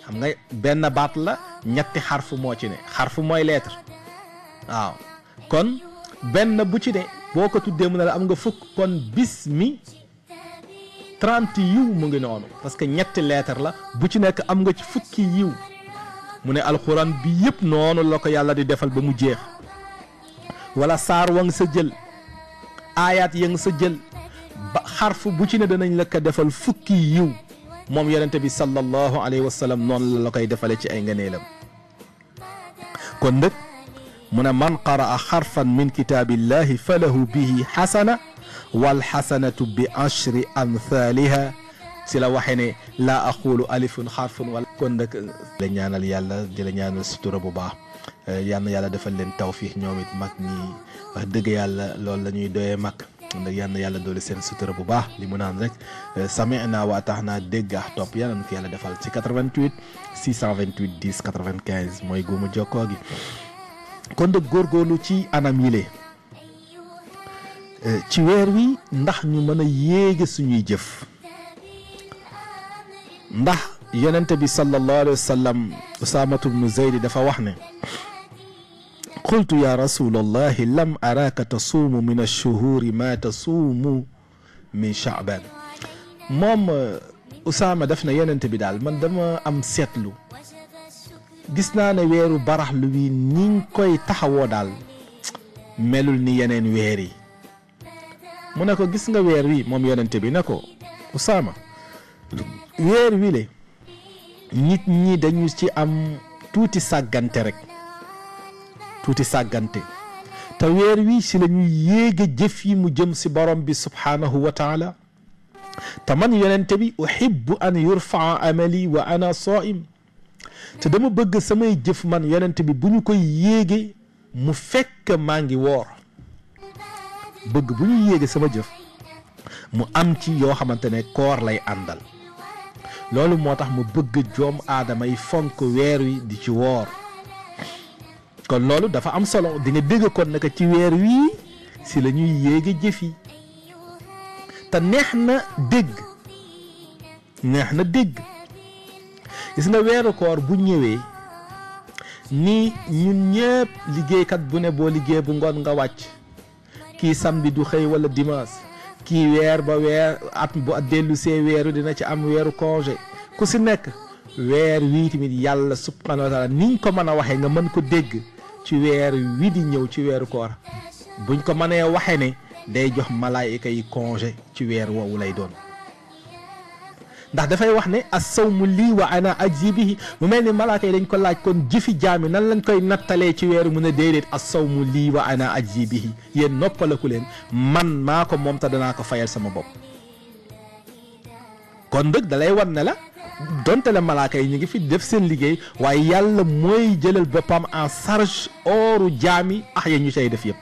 Speaker 1: xam nga benn baat la ñetti xarf moo ci ne xarf mooy lettre waaw kon benn bu ci ne boo ko tuddee mu ne la am nga fukk kon bismi trente yiw mu ngi noonu parce que ñetti lettre la bu ci nekk am nga ci fukki yiw mu ne alxuraan bi yëpp noonu la ko yàlla di defal ba mu jeex wala saar wa nga sa jël aayaat ya sa jël ba xarf bu ci ne danañ la ko defal fukki yiw moom yonente bi sallallahu alayhi wa sallam noonu la la koy defale ci ay ngëneelam kon nag mu ne man qaraa xarfan min kitaabillahi falahu bihi xasana wal xasanatu bi ashri amthaliha ci la waxee ne laa aqulu alifun xarfun wala kon nag la ñaanal yàlla di la ñaanal sutura bu baax eh, yal yàlla defal leen tawfiix ñoom it mag ñi wax dëgg yàlla loolu lañuy ñuy doyee mag nag yal na yàlla doole seen sutura bu baax li mu naan rek eh, sami'na wa ata'na dégg ak topp yal na ko yàlla defal ci 88 628 10 95 mooy guumu jokkoo gi kon góor góorlu ci anam yile eh, ci weer wi ndax ñu mën a yéege suñuy jëf ndax yenente bi sallallahu alayhi wasallam sallam usaamatu bnu zeydi dafa wax ne qultu ya rasulallahi lam araka tasuumu min alshuhuri ma tasuumu min shaban moom usama def na yenente bi daal man dama am seetlu gis naa ne weeru lu wi ni ngi koy taxawoo daal melul ni yeneen weer yi mu ne ko gis nga weer wi moom yenente bi ne ko usaama weer wi wile nit ñi dañu ci am tuuti sàggante rek tuuti sàggante te weer wi si la yéege jëf yi mu jëm si borom bi subhaanahu wa taala te man yonente bi uhibbu an yurfaa amali wa ana saaim te dama bëgg samay jëf man yonente bi bu ñu koy yéege mu fekk maa ngi woor bëgg bu ñu yéege sama jëf mu am ci yoo xamante ne koor lay àndal loolu moo tax mu bëgg joom aadama yi fonk weer wi di ci woor kon loolu dafa am solo dinga nga dégg kon naka ci weer wii si lañuy ñuy yéege jëf te neex na dégg neex na dégg gis nga weeru koor bu ñëwee ni ñun ñëpp liggéeykat bu ne boo liggéey bu ngoon nga wàcc kii samedi du xëy wala dimanche kii weer ba weer at bu dellu see weeru dina ci am weeru congé ku si nekk weer wii tamit yàlla subhanahu wa niñ ko mën a waxee nga mën ko dégg ci weer wi di ñëw ci weeru koor buñ ko mënee waxee ne day jox malaayika yi congé ci weer woowu lay doon ndax da fay wax ne as-sawm li wa ana ajzi bihi mu melni ni dañ ko laaj kon jifi jami nan lañ koy natale ci wéru mu ne dedet as-sawm li wa ana ajzi bihi yéen noppalaku len man mako mom ta dana ko fayal sama bop kon deug dalay wan ne la donte la malaaka yi ngi fi def seen liggey waye yàlla moy jëlal bopam en charge oru jami ah ya ñu cay def yeb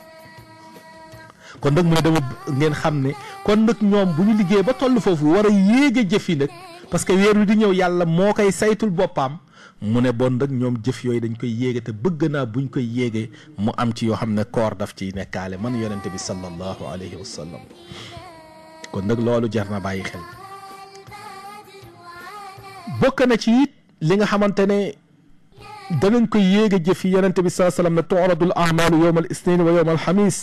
Speaker 1: kon nak mu ne dama ngeen xamne kon nak ñom bu ñu liggéey ba tollu fofu wara yéggé yéeg a jëf yi nag parce que weer wi di ñëw yàlla mo koy saytul bopam mu ne bon nak ñom jëf yoy dañ koy yéggé te bëgg na buñ koy yéggé mu am ci yo xamne koor daf ci nekkale man yaronte bi sallallahu alayhi wasallam kon nak lolu jarna bàyyi xel bokk na ci it li nga xamantene da nañ koy yéggé jëf yaronte bi sallallahu alayhi wasallam tu'radul a'mal yawm al isnin wa yawm al xamis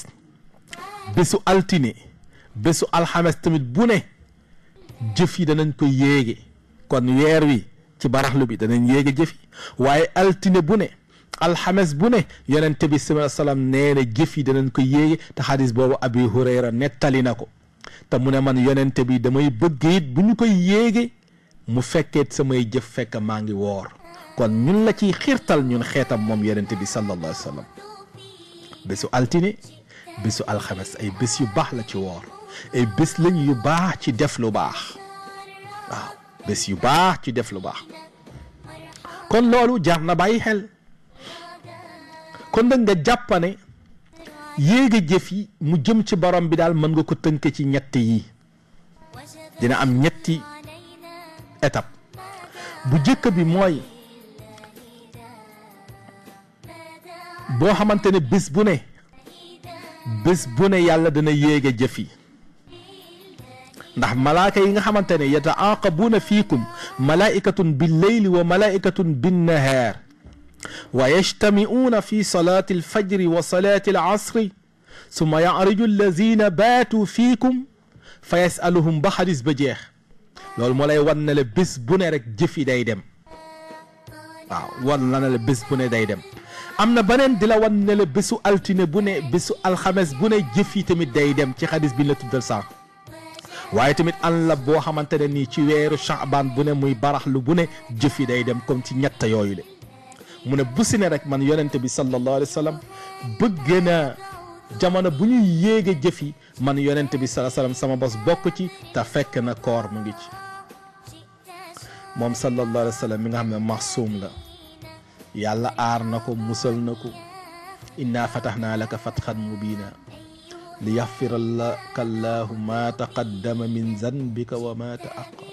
Speaker 1: bésu altine bésu alhamas tamit bu ne jëf yi danañ ko yéege kon weer wi ci baraxlu bi danañ yéege jëf yi waaye altine bu ne alxames bu ne yonente bi sallallahu alayhi wa sallam nee na jëf yi danañ ko yéege te xadis boobu abi hurayra nettali na ko te mu ne man yonente bi damay bëgg it bu ñu koy yéege mu fekkeet samay jëf fekk maa ngi woor kon ñun la ciy xiirtal ñun xeetam moom yonente bi sallallahu alayhi wa sallam bésu altine bésu alxames ay bis yu bax la ci woor ay bis lañ yu baax ci def lu baax waaw bis yu baax ci def lu baax kon loolu jar na bàyyi xel kon nag nga jàppane ne yéege jëf yi mu jëm ci borom bi daal mën nga ko tënk ci ñett yi dina am ñetti étape bu jëkk bi mooy boo xamante ne bés bu ne bés bu ne yàlla dana yéege jëf yi ndax malaaka yi nga xamante ne yataaqabuuna fiikum malaaikatun bil leyli wa malaaikatun bin nahaar wa yajtamiuuna fi salaati alfajri wa salaati alasri summa yariju allazina baatu fiikum fa yasaluhum ba xadis ba jeex loolu moo lay wan ne la bés bu ne rek jëf yi day dem waaw wan la ne la bés bu ne day dem amna na dila di la wan ne la bésu altine bu ne bésu alxames bu ne jëf tamit day dem ci hadith bi la tuddal sànq waye tamit an la bo xamantene ni ci wéru sha'ban bu ne muy baraxlu bu ne jeffi day dem comme ci ñetta yoyu le mu ne bu si rek man yonent bi sallallahu alayhi wasallam beugena bëgg jamono bu ñuy yéege jëf man yonent bi sallallahu alayhi wasallam sama boss bokk ci ta fekk na koor mu ngi ci mom sallallahu alayhi wasallam mi nga xamne ne la يالا آر نكو مسل نكو إنا فتحنا لك فتحا مبينا ليغفر لك الله ما تقدم من ذنبك وما تأخر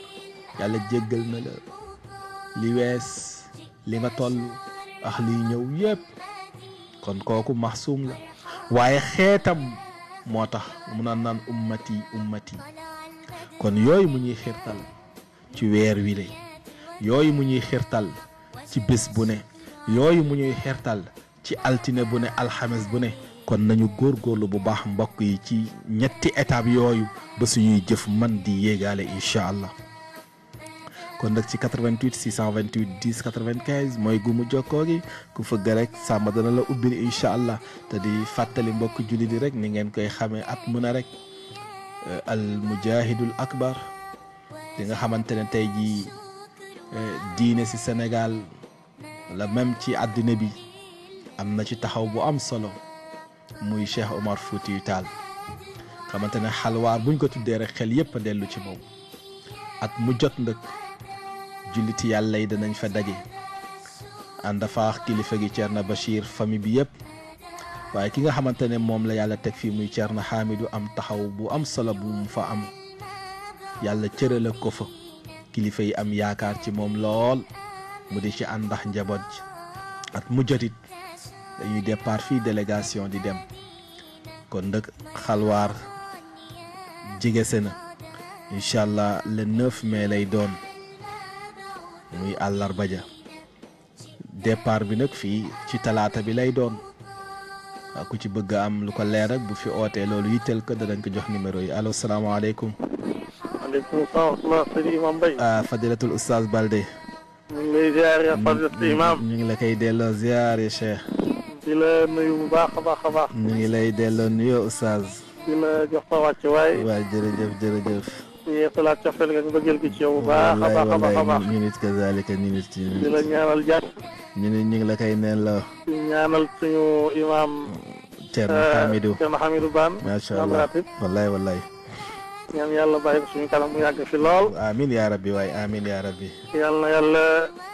Speaker 1: يالا جيجل نلا لي ويس لي ما تول اخ لي نيو ييب كون كوكو محسوم لا واي خيتام موتاخ مونا نان امتي امتي كون يوي موني خيرتال تي وير وي يوي موني خيرتال تي بيس بو yooyu mu ñuy xeertal ci altine bu ne alxames bu ne kon nañu góorgóorlu bu baax mbokk yi ci ñetti étape yooyu ba suñuy jëf man di yéegaale incha allah kon nag ci 88 628 10 95 mooy gumu jokkoo gi ku fëgg rek sàmm dana la allah te di fàttali mbokk julli di rek ni ngeen koy xamee at mu ne rek euh, al mujahidul akbar di nga xamante ne tey jii euh, diine si Sénégal la même ci àddina bi amna ci taxaw bu am solo muy Cheikh Omar fouti tal xamantene ne buñ ko tuddé rek xel yépp a dellu ci mom at mu jot nag julit yàlla yi danañ fa daje ànd faax kilifa gi cierna bashir fami bi yépp waye ki nga xamantene mom la yàlla tek fi muy cierna hamidu am taxaw bu am solo bu mu fa am yàlla cëreel ko fa kilifa yi am yaakar ci mom lool mu di ci àndax njaboot at mu jotit dañuy départ fii délégation di dem kon nag xalwaar jigase na incha allah le 9 lay doon muy àllarba ja départ bi nag fii ci talaata bi lay doon ku ci bëgg am lu ko leer rek bu fi ootee loolu yitteel ko danañ ko jox numéro yi allo salaamaaleykum. maaleykum
Speaker 2: salaam
Speaker 1: ah, Fadilatul Oustaz Balde.
Speaker 2: ñu ngi lay ziar ya
Speaker 1: ngi la koy delloo ziar ya cheikh
Speaker 2: di la nuyu bu baax a baax a baax
Speaker 1: ñu ngi lay delloo nuyoo oustaz
Speaker 2: di la jox sa wàcc waay waaw jërëjëf jërëjëf yeesalaat cofeel nga bëggeel gi ci yow bu baax a baax a baax a baax
Speaker 1: ñu nit kazalika ñu nit di la ñaanal jàpp ñu nit ñu ngi la koy neen la
Speaker 2: ñaanal suñu ñaan yàlla bàyyi ko suñu kanam mu yàgg fi lool
Speaker 1: amin yaa rabbi waay amin yaa rabbi
Speaker 2: yàlla na yàlla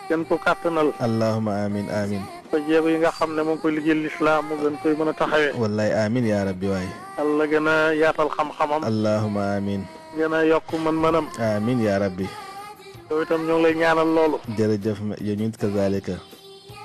Speaker 2: gën ko kàttanal
Speaker 1: allahuma amin amin
Speaker 2: ko jéego yi nga xam ne moo ngi koy liggéeyal lislaam mu gën koy mën a taxawee
Speaker 1: wallaay amin yaa rabbi waay
Speaker 2: yàlla gën a yaatal xam-xamam
Speaker 1: allahuma amin gën a yokk mën-mënam amin yaa rabbi
Speaker 2: yow itam ñoo ngi lay ñaanal loolu
Speaker 1: jërëjëf yow ñun kazalika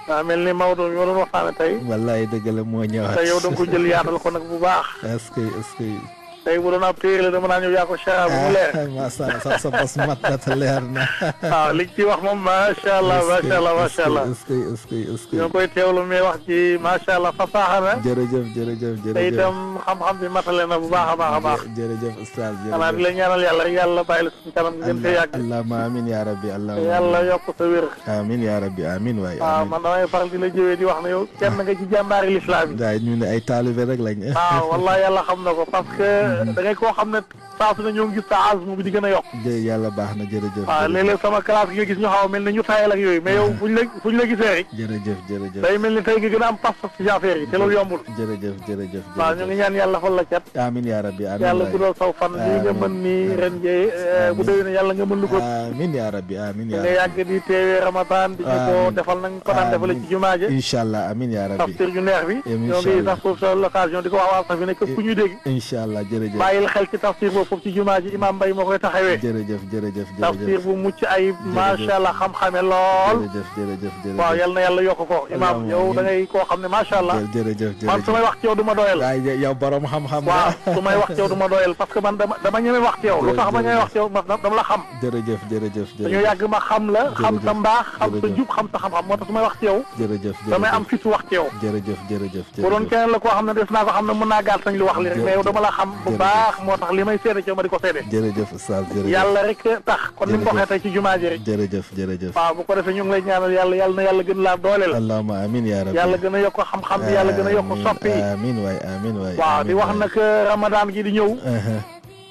Speaker 2: waaw mel ni Maodo
Speaker 1: mi ma doon waxtaane tey wallaay dëgg la moo ñëwaat te yow da nga ko jël yaatal
Speaker 2: ko nag bu baax
Speaker 1: est-ce que est-ce que
Speaker 2: tey bu doon ab téere dama naa ñëw yaa ko chara bu mu leer macha allah
Speaker 1: sa bas mat na te leer
Speaker 2: na waaw li ci wax moom macha allah macha allah macha allah uskay uskay uskay ñoo koy teewlu mais wax ci macha allah fa faaxa na
Speaker 1: jërëjëf jërëjëf jërëjëf te itam
Speaker 2: xam-xam bi matale na bu baax a baax a baax
Speaker 1: jërëjëf oustaz
Speaker 2: jërëjëf xanaa di la ñaanal yàlla yàlla bàyyi la suñu kanam ngeen koy yàgg allahuma
Speaker 1: amin ya rabbi allahuma yàlla yokk sa wér amin ya rabbi amin waay waaw man damay faral di la jëwee di
Speaker 2: wax ne yow kenn nga ci jàmbaari l'islam
Speaker 1: yi ñu ne ay taalibe rek
Speaker 2: lañ waaw wallahi yàlla xam na ko parce que da ngay koo xam ne saa su ne ñoo ngi gis sa asthme bi di gën a yokk yàlla baax na jërëjëf waaw léeg-léeg sama classe gi nga gis ñu xaw a mel ne ñu tayal ak yooyu mais yow ah. buñ la buñ la gisee rek
Speaker 1: jërëjëf jërëjëf day mel
Speaker 2: ni tey nga gën a am pas-pas ci affaire yi te loolu yombul
Speaker 1: jërëjëf jërëjëf
Speaker 2: waaw ñu ngi ñaan yàlla fal la cat amiin yaa rabbi amiin yàlla guddal saw fan lii nga mën nii ren jee eh, bu déwénee yàlla nga mën lu ko amiin
Speaker 1: yaa rabbi amiin yaa rabbi nga
Speaker 2: yàgg di teewee ramadan di ñu ko defal nañ ko daan defale ci jumaaje inshallah amiin yaa rabbi tafsir ju neex bi ñoo ngi sax pour l'occasion di ko wax waa sax fi ne képp ku ñu dégg inshallah jërëjëf bàyyil xel ci tafsir boobu foofu ci jumaa ji imaam Mbaye moo koy taxawee. jërëjëf jërëjëf jërëjëf tafsir bu mucc ayib macha allah xam-xame lool. jërëjëf jërëjëf jërëjëf waaw yal na yàlla yokk ko imaam yow da ngay koo xam ne macha allah.
Speaker 1: jërëjëf jërëjëf man su may wax ci yow du ma doyal. waaye yow borom xam-xam la waaw su may wax ci yow du ma
Speaker 2: doyal parce que man dama dama ñeme wax ci yow. lu tax ma ñeme wax ci yow dama la xam.
Speaker 1: jërëjëf jërëjëf jërëjëf
Speaker 2: dañu yàgg ma xam la xam sa mbaax xam sa jub xam sa xam-xam moo tax su may wax ci yow. jërëjëf jërëjëf damay am fitu wax ci yow. jërëjëf jërëjëf bu doon keneen la koo xam ne des naa ko xam ne mën naa gaal sañ lu wax li rek mais yow dama la xam bu baax moo tax li may seede ci ma di ko seede
Speaker 1: jërëjëf Oustaz jërëjëf yàlla
Speaker 2: rek tax kon ni mu ko waxee tey ci jumaa
Speaker 1: ji rek jërëjëf jërëjëf
Speaker 2: waaw bu ko defee ñu ngi lay ñaanal yàlla yàlla na yàlla gën amin ya rabbi yàlla gën a xam-xam yàlla gën a soppi
Speaker 1: amin waay amin waay
Speaker 2: waaw di wax nag euh,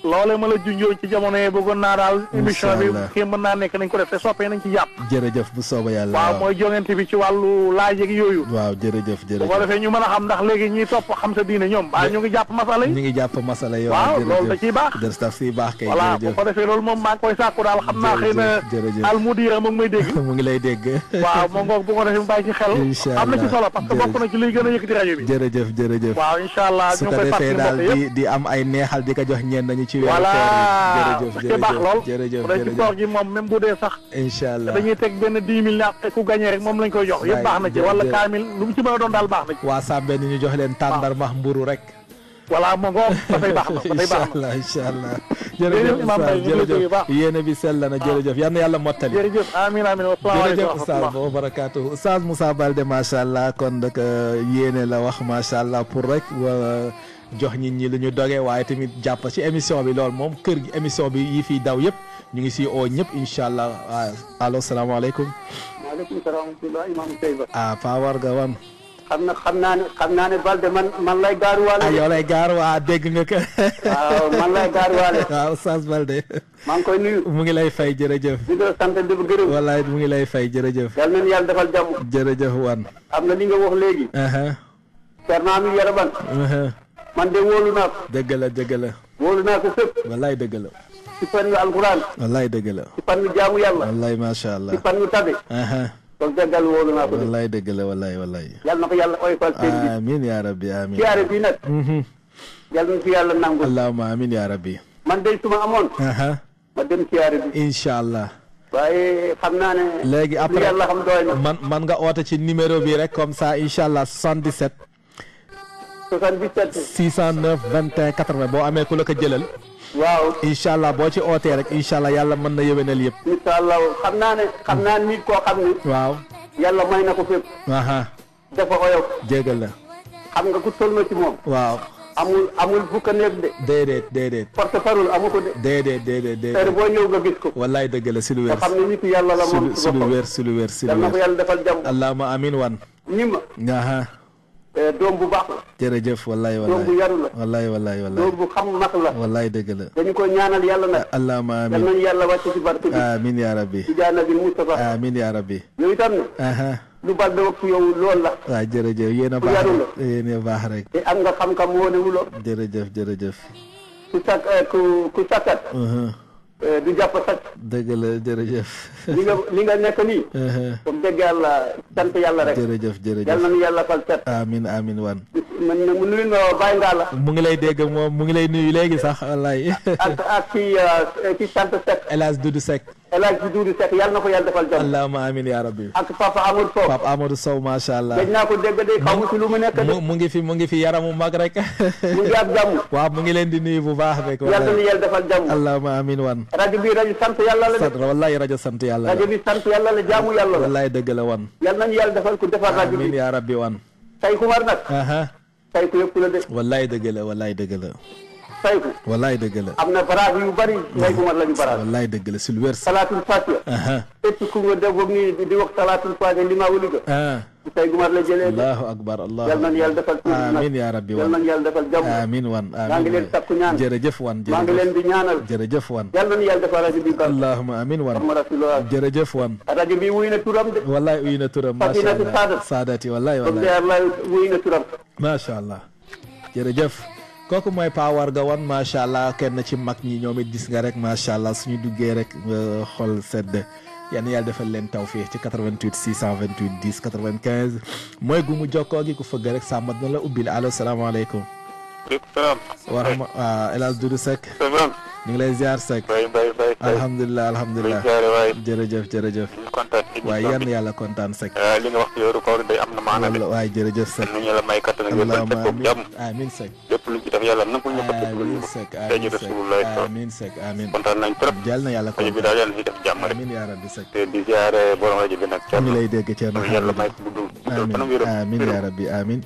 Speaker 2: loolee ma la junjoon ci jamono yi bëggoon naa daal émission bi kii mën naa nekk nañ ko def te soppee nañ ci jàpp
Speaker 1: jërëjëf bu sooba yàlla waaw mooy
Speaker 2: jongante bi ci wàllu laaj ak yooyu
Speaker 1: waaw jërëjëf jërëjëf bu ko defee ñu mën a xam ndax léegi
Speaker 2: ñuy topp xam sa diine ñoom baa ñu ngi jàpp masala yi ñu
Speaker 1: ngi jàpp masala yi waaw loolu da ciy baax da daf ciy baax kay voilà bu ko defee loolu
Speaker 2: moom maa ngi koy sàkku daal xam naa xëy na almudira mu ngi may dégg mu ngi lay dégg waaw bu ko defee mu bàyyi ci xel am na ci solo parce que bokk na ci liy gën a yëkkati rajo
Speaker 1: bi jërëjëf jërëjëf waaw incha allah ñu koy fàttali mbokk yëpp di am ay neexal di ko jox ñeen nañu ci ci weeru koor yi jërëjëf jërëjëf baax lool jërëjëf
Speaker 2: jërëjëf ci koor gi moom même bu dee sax incha allah dañuy teg benn dix mille ñàq ku gagné rek moom lañ koy jox yëpp baax na ci wala kaamil
Speaker 1: lu mu ci mën a doon daal baax na ci waa sàmbe ni ñu jox leen tàndar max mburu rek voilà ma ngoog dafay baax na dafay baax na incha allah jërëjëf oustaz jërëjëf yéene bi sell na jërëjëf yal na yàlla mottali jërëjëf amiin amiin jërëjëf oustaz wa barakaatuhu oustaz Moussa Balde macha allah kon nag euh, yéene la wax macha allah pour rek wa jox nit ñi lu ñu doge waaye tamit jàpp ci émission bi loolu moom kër gi émission bi yi fiy daw yëpp ñu ngi si oo ñëpp incha allah allo salaamaaleykum.
Speaker 2: maaleykum salaam wa rahmatulah.
Speaker 1: ah Paa Warga wan.
Speaker 2: xam na xam naa ne xam naa ne Balde man man lay gaaruwaale. ah yow
Speaker 1: lay gaaruwaa dégg nga ko.
Speaker 2: waaw man lay gaaruwaale.
Speaker 1: waaw Oustaz Balde. maa ngi koy nuyu. mu ngi lay fay jërëjëf. di la sant di la gërëm. wallaay mu ngi lay fay jërëjëf. yal nañu yàlla defal jàmm. jërëjëf wan. am na li nga wax léegi. Thierno uh-huh. Amin Yaraban. Uh-huh. man de wóolu naa ko. dëgg la dëgg la. wóolu naa ko la. ci
Speaker 2: fan yu alxuraan.
Speaker 1: wallaay dëgg la. ci fan yu jaamu yàlla. wallaay macha allah ci fan ko de. wallaay dëgg la wallaay yal na ko yàlla oyofal seen bi. amiin yaa rabbi amiin. siyaare bi nag. Mhm. yaa rabbi. man de su ma amoon. ma dem allah.
Speaker 2: waaye
Speaker 1: xam naa ne. léegi après man man nga oote ci numéro bi rek comme ça incha allah 77. 77. 609 21 80 boo amee ku la ko jëlal. waaw incha allah boo ci ootee rek incha yàlla mën na yëwénal yëpp. incha
Speaker 2: allah xam naa ne xam naa nit koo xam ni. waaw yàlla may na ko fépp. dafa oyof. jégal la. xam nga ku toll na ci moom. waaw. amul amul nekk de.
Speaker 1: déedéet déedéet. porte parole amu ko de. déedéet déedéet gis ko. wallaay dëgg la si lu wér. yàlla la moom. si lu wér si lu wér si amin wan. ni
Speaker 2: Eh, doom bu baax la.
Speaker 1: jërëjëf wallaay wallaay doom bu yaru la. wallaay doom bu xam mat la. wallaay dëgg la.
Speaker 2: dañu ko ñaanal yàlla nag.
Speaker 1: allahumma amiin yal nañu yàlla wàcc ci barke bi. amiin yaa rabbi. di jaana bi Moustapha. amiin yaa rabbi. yow itam na.
Speaker 2: lu bal de yow loolu la.
Speaker 1: waaw jërëjëf yéen a baax rek
Speaker 2: am nga xam-xam woo ne
Speaker 1: wu
Speaker 2: ku sa Eh, du jàpp sax.
Speaker 1: dëgg la jërëjëf.
Speaker 2: li nga li nga nekk nii. comme uh-huh. dëgg yàlla sant yàlla rek. jërëjëf jërëjëf fal set.
Speaker 1: wan.
Speaker 2: man mu nuyu nga bàyyi ngaa la.
Speaker 1: mu ngi lay dégg moom mu ngi lay nuyu léegi sax wallaay. ak
Speaker 2: ak euh,
Speaker 1: sant El Hadj Doudou Seck yàlla na ko yàlla defal jàmm. allahumma amiin yaa rabbi. ak papa Amadou Sow papa Amadou Sow macha allah. gëj naa ko dégg de xaw ma si lu mu nekk de. mu ngi fi mu ngi fi yaramu mag rek. mu ngi am jàmm. waaw mu ngi leen di nuyu bu baax rek. yàlla na yàlla defal jàmm. allahumma amiin wan. rajo bi rajo sant yàlla la. sant wallaahi rajo sant yàlla la. rajo bi sant yàlla la jaamu yàlla la. wallaahi dëgg la wan. yàlla
Speaker 2: nañu yàlla defal ku defal
Speaker 1: rajo bi amiin yaa rabbi wan. Seydou Kumar nag. Seydou yëpp la de. wallaahi dëgg la wallaahi dëgg la saytu wallaay dëgg la am
Speaker 2: na barage yu bëri ngay umar la ñu barage
Speaker 1: wallaay dëgg la si lu wér salaatul fatiha
Speaker 2: ëpp ku nga def ak nii di wax salaatul fatiha li maa wuli ko
Speaker 1: si
Speaker 2: say gumar la jëlee
Speaker 1: allahu akbar allah yal nañu yàlla defal amin ya rabbi wan yal nañu yàlla defal jàmm amin wan amin maa ngi leen takku ñaan jërëjëf wan maa ngi leen di ñaanal jërëjëf wan yal nañu yàlla defal rajo bi ba allahuma amin wan rasulullah jërëjëf wan rajo bi wuy na turam de wallaay wuy na turam macha allah saadati wallaay wallaay wuy na turam macha allah jërëjëf kooku mooy Pa ga Wan macha allah kenn ci mag ñi ñoom it gis nga rek macha allah suñu duggee rek xol sedd yenn yàlla defal leen tawféex ci 88 628 10 mooy gu mu jokkoo gi ku fëgg rek sàmmat na la ubbil allo salaamaaleykum. waaleykum salaam. wa rahma waaw El Hadj Doudou Seck. ñu ngi lay ziar Seck. bay bay bay alhamdulilah alhamdulilah. jërëjëf jërëjëf. waaye yan yàlla kontaan Seck. Ah, li nga wax ci yoru koor day na maanaam. wala waay jërëjëf Seck. la kontaan nañ trop. jàll na yàlla kontaan rajo bi daal
Speaker 2: yaa rabbi Seck. te di ziar borom rajo bi nag.
Speaker 1: ñu lay dégg yaa rabbi amiin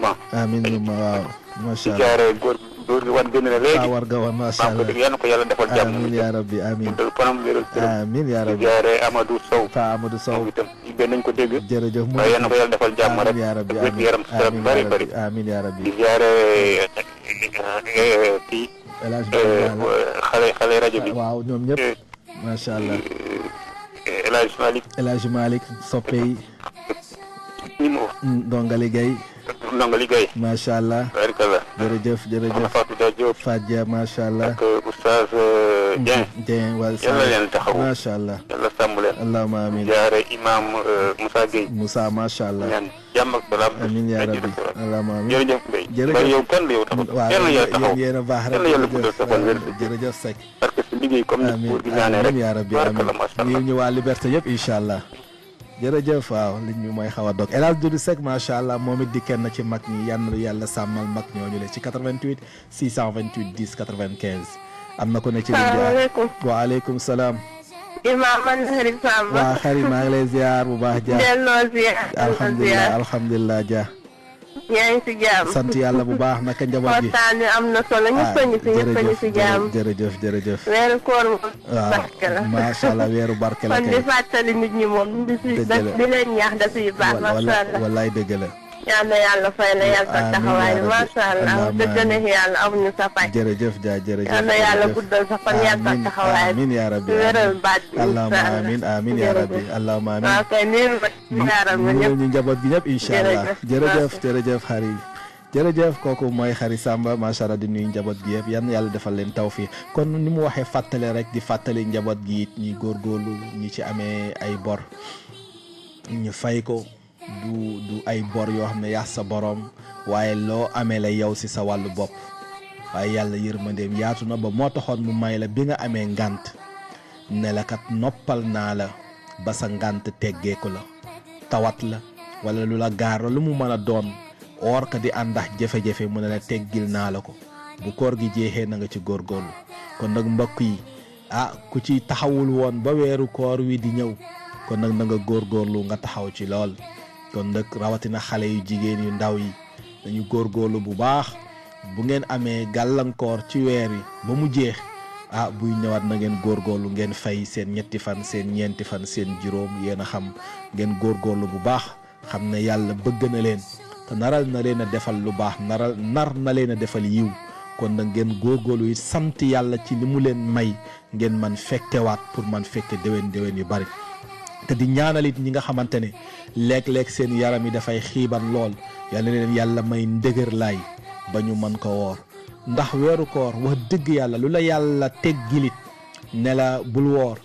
Speaker 1: ma amiin Louma waaw macha allah jaare
Speaker 2: góor góor gi wan génn na léegi war nga wan macha allah yal na ko yàlla defal jàmm amiin yaa rabbi amiin dal panam wéral amiin yaa rabbi jaare Amadou Sow pa Amadou Sow itam benn nañ ko dégg jërëjëf mu yal na ko yàlla defal jàmm rek yaa rabbi amiin yaram sara bari bari amiin yaa rabbi di jaare eh, kii eh, xale xale rajo bi waaw ñoom ñëpp eh, macha allah El Hadj Malick
Speaker 1: El Hadj Malick soppe yi mm, Dongale Gueye ndongo liggéey. macha allah barikalla. jërëjëf
Speaker 2: jërëjëf
Speaker 1: Fadia macha allah. ak
Speaker 2: oustaz euh, mhm. Dieng. Dieng waaw yàlla leen taxaw macha allah. yàlla sàmm leen. allahumma amiin jaare imaam euh, Moussa Gueye. Moussa macha allah. jàmm ak salaam. amiin yaa rabbi allahumma amiin jërëjëf Mbaye. jërëjëf yow kenn la yow taxaw. waaw yéen yéen a baax
Speaker 1: rek jërëjëf Seck. parce que liggéey comme ni ko. amiin amiin yaa rabbi amiin ñu waa Liberté yëpp incha allah jërëjëf waaw li ñu mooy xaw a dog El Hadj Doudou Seck macha allah moom it di ci mag ñi yàlla yàlla sàmmal mag ñooñu le ci 88 628 10 95. am na ko ne ci ligne bi asalaamaaleykum ah. waaleykum salaam.
Speaker 2: Imaam man xarit Samba. waa xarit maa
Speaker 1: ngi lay ziar bu baax. Dia
Speaker 2: delloo
Speaker 1: ziar
Speaker 2: yaa ngi si jàmm sant yàlla bu
Speaker 1: baax naka njaboot gi waxtaan am na solo ñëpp a ngi si ñëpp ah, jërëjëf jërëjëf
Speaker 2: weeru koor moom barke ah, barke la kon di fàttali nit ñi moom di leen ñaax da siy baax macha allah wallaay yal na yàlla fay la yàlla sa taxawaay bi macha allah dëgg na
Speaker 1: jërëjëf xari kooku mooy xari Samba macha allah di nuyu njaboot gi yëpp yan yàlla defal leen tawfiq kon ni mu waxee fàttale rek di fàttali njaboot gi it ñi góorgóorlu ñi ci amee ay bor ñu fay ko du ay bor yoo xam ne yaa sa boroom waaye loo amee la yow si sa wàllu bopp waaye yàlla yërmandeem yaatu na ba moo taxoon mu may la bi nga amee ngànt ne la kat noppal naa la ba sa ngànt teggeeku la tawat la wala lu la gaar la lu mu mën a doon or ka di àndax jafe-jafe mu ne la teggil naa la ko bu koor gi jeexee na nga ci góorlu kon nag mbokk yi ah ku ci taxawul woon ba weeru koor wi di ñëw kon nag na nga góorlu nga taxaw ci lool kon nag rawatina xale yu jigéen yu ndaw yi dañu góor góorlu bu baax bu ngeen amee gàllankoor ci weer yi ba mu jeex ah buy ñëwaat na ngeen góor góorlu ngeen fay seen ñetti fan seen ñeenti fan seen juróom yéen a xam ngeen góor góorlu bu baax xam na yàlla bëgg na leen te naral na leen a defal lu baax naral nar na leen a defal yiw kon nag ngeen góor it sant yàlla ci li mu leen may ngeen man fekkewaat pour man fekke dewen dewen yu bari te di ñaanalit ñi nga xamante ne léeg-léeg seen yaram yi dafay xiiban lool yal leen yàlla may ndëgër laay ba ñu mën ko woor ndax weeru koor wax dëgg yàlla lu la yàlla teggilit ne la bul woor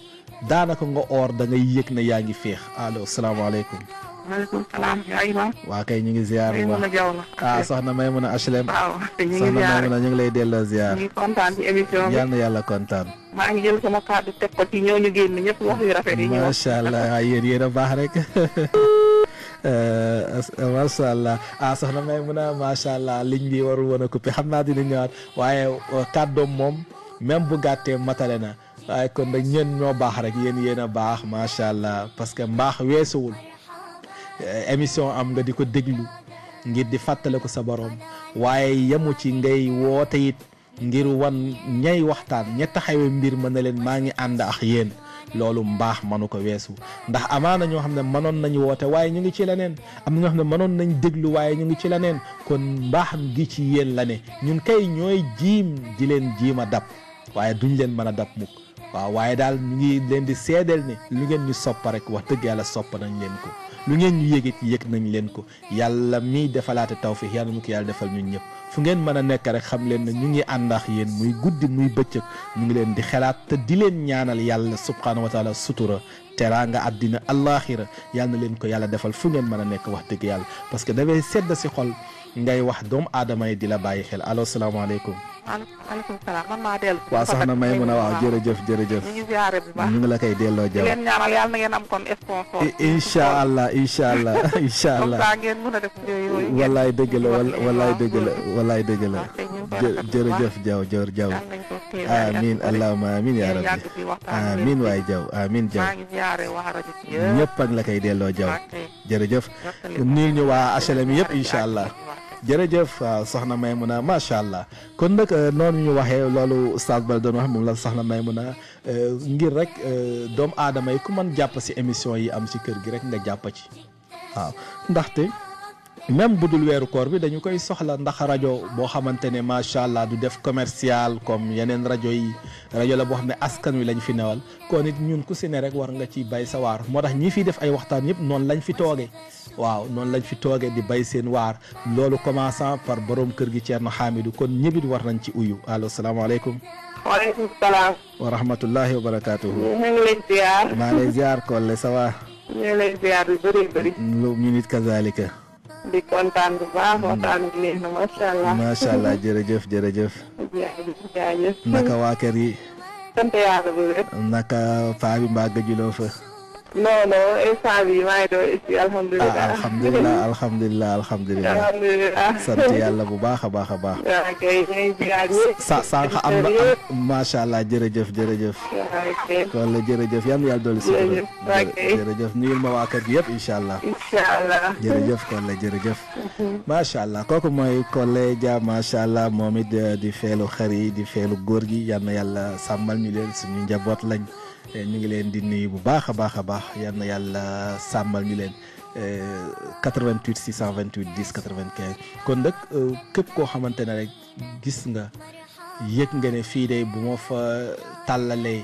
Speaker 1: daanaka nga oor da ngay yëg ne yaa ngi féex allo salaamaaleykum
Speaker 2: maaleykum salaam yaay ma.
Speaker 1: waa kay ñu ngi ziar bu baax ah soxna Maymuna HLM. waaw ñu ngi ziar soxna Maymuna ñu ngi lay delloo ziar. ñu
Speaker 2: ngi kontaan ci émission bi yal
Speaker 1: na yàlla kontaan.
Speaker 2: maa ngi jël sama kàddu teg ko ci ñooñu génn ñëpp wax yu rafet yi.
Speaker 1: macha allah yéen yéen a baax rek. Eh, eh, macha allah ah soxna Maymuna macha allah liñ bi warul woon a coupé xam naa dina ñëwaat waaye eh, kàddoom moom même bu gàttee matale na waaye kon nag ñeen ñoo baax rek yéen yéen a baax macha allah parce que mbaax weesuwul. Eh, émission am nga di ko déglu ngir di fàttale ko sa boroom waaye yemu ci ngay woote it ngir wan ñay waxtaan ña taxawee mbir mën na leen maa ngi ànd ak yéen loolu mbaax mënu ko weesu ndax amaana ñoo xam ne mënoon nañu woote waaye ñu ngi ci leneen am na ñoo xam ne mënoon nañ déglu waaye ñu ngi ci leneen kon mbaaxam gi ci yéen la ne ñun kay ñooy jiim di leen jiim a dab waaye duñ leen mën a dab mukk waaw waaye daal ñu ngi leen di seedeel ne lu ngeen ñu soppa rek wax dëgg yàlla sopp nañ leen ko lu ngeen ñu yëgit yëg nañ leen ko yàlla mi defalaate tawfiq yàlla mu ko yàlla defal ñun ñëpp fu ngeen mën a nekk rek xam leen ne ñu ngi àndax yéen muy guddi muy bëccëg ñu ngi leen di xelaat te di leen ñaanal yàlla subhanahu wa taala sutura teraanga àddina allaaxira yàlla na leen ko yàlla defal fu ngeen mën a nekk wax dëgg yàlla parce que da ngay sedd si xol ngay wax doomu aadama yi di la bàyyi xel alo salaamaaleykum
Speaker 2: maaleykum salaam man maa dellu. soxna may mun a waaw jërëjëf jërëjëf. ñu ngi ziare
Speaker 1: la koy delloo jaww. ngeen
Speaker 2: ñaanal yàlla na ngeen am kon sponsor.
Speaker 1: incha allah incha allah incha allah. comme ça
Speaker 2: ngeen mën a def yooyu.
Speaker 1: wallaay dëgg la wallaay dëgg la wallaay dëgg la. jaw jor jaw amin allahumma amin ya waay jaw amin jaw ñëpp ak la koy delloo jaw jërëjëf niil ñu yëpp incha allah jërëjëf may ah, soxna Maymuna macha allah kon nag eh, noonu ñu waxee loolu Oustaz Baldé doon wax moom la soxna Maymuna eh, ngir rek eh, doom aadama yi ku mën jàpp si émission yi am si kër gi rek nga jàpp ci waaw ndaxte. même budul wéru koor bi dañu koy soxla ndax rajo bo xamantene ma sha allah du def commercial comme yenen rajo yi rajo la bo xamné askan wi lañ fi newal ko nit ñun ku ci ne rek war nga ci bay sa war motax ñi fi def ay waxtaan yëpp non lañ fi togué waaw non lañ fi togué di bay seen war lolu commençant par borom kër gi cierno Hamidou kon ñibit war nañ ci uyu allo salam alaykum
Speaker 2: wa alaykum salam
Speaker 1: wa rahmatullahi wa barakatuh ñu ngi lay ziar. maa lay ziar Kolle ça va.
Speaker 2: ñu lay ziar lu bëri bëri.
Speaker 1: lu ñu nit kazaalika.
Speaker 2: di kontaan bu baax waxtaan bi neex na macha allah. macha
Speaker 1: jërëjëf jërëjëf. jaajëf naka waa yi. sant yàlla bu naka paa bi mbaa
Speaker 2: non non instant bii maa ngi doon ici ah,
Speaker 1: alhamdulilah. alhamdulilah sant yàlla bu baax a baax a baax. waaw
Speaker 2: kay ñooy ziar sa sànq am na
Speaker 1: allah jërëjëf jërëjëf. waaw kay. kon la jërëjëf yal ma waa kër gi yëpp incha allah. incha
Speaker 2: allah. jërëjëf
Speaker 1: kon la mhm. allah kooku mooy collègue ja macha allah moom it di feelu xar yi di feelu góor gi yal na yàlla sàmmal ñu leen suñu njaboot lañ. ñu ngi leen di nuyu bu baax a baax a baax yal na yàlla sàmmal ñu leen 88 628 10 95 kon nag euh, képp koo xamante ne rek gis nga yëg nga ne fii de bu ma fa tàllalee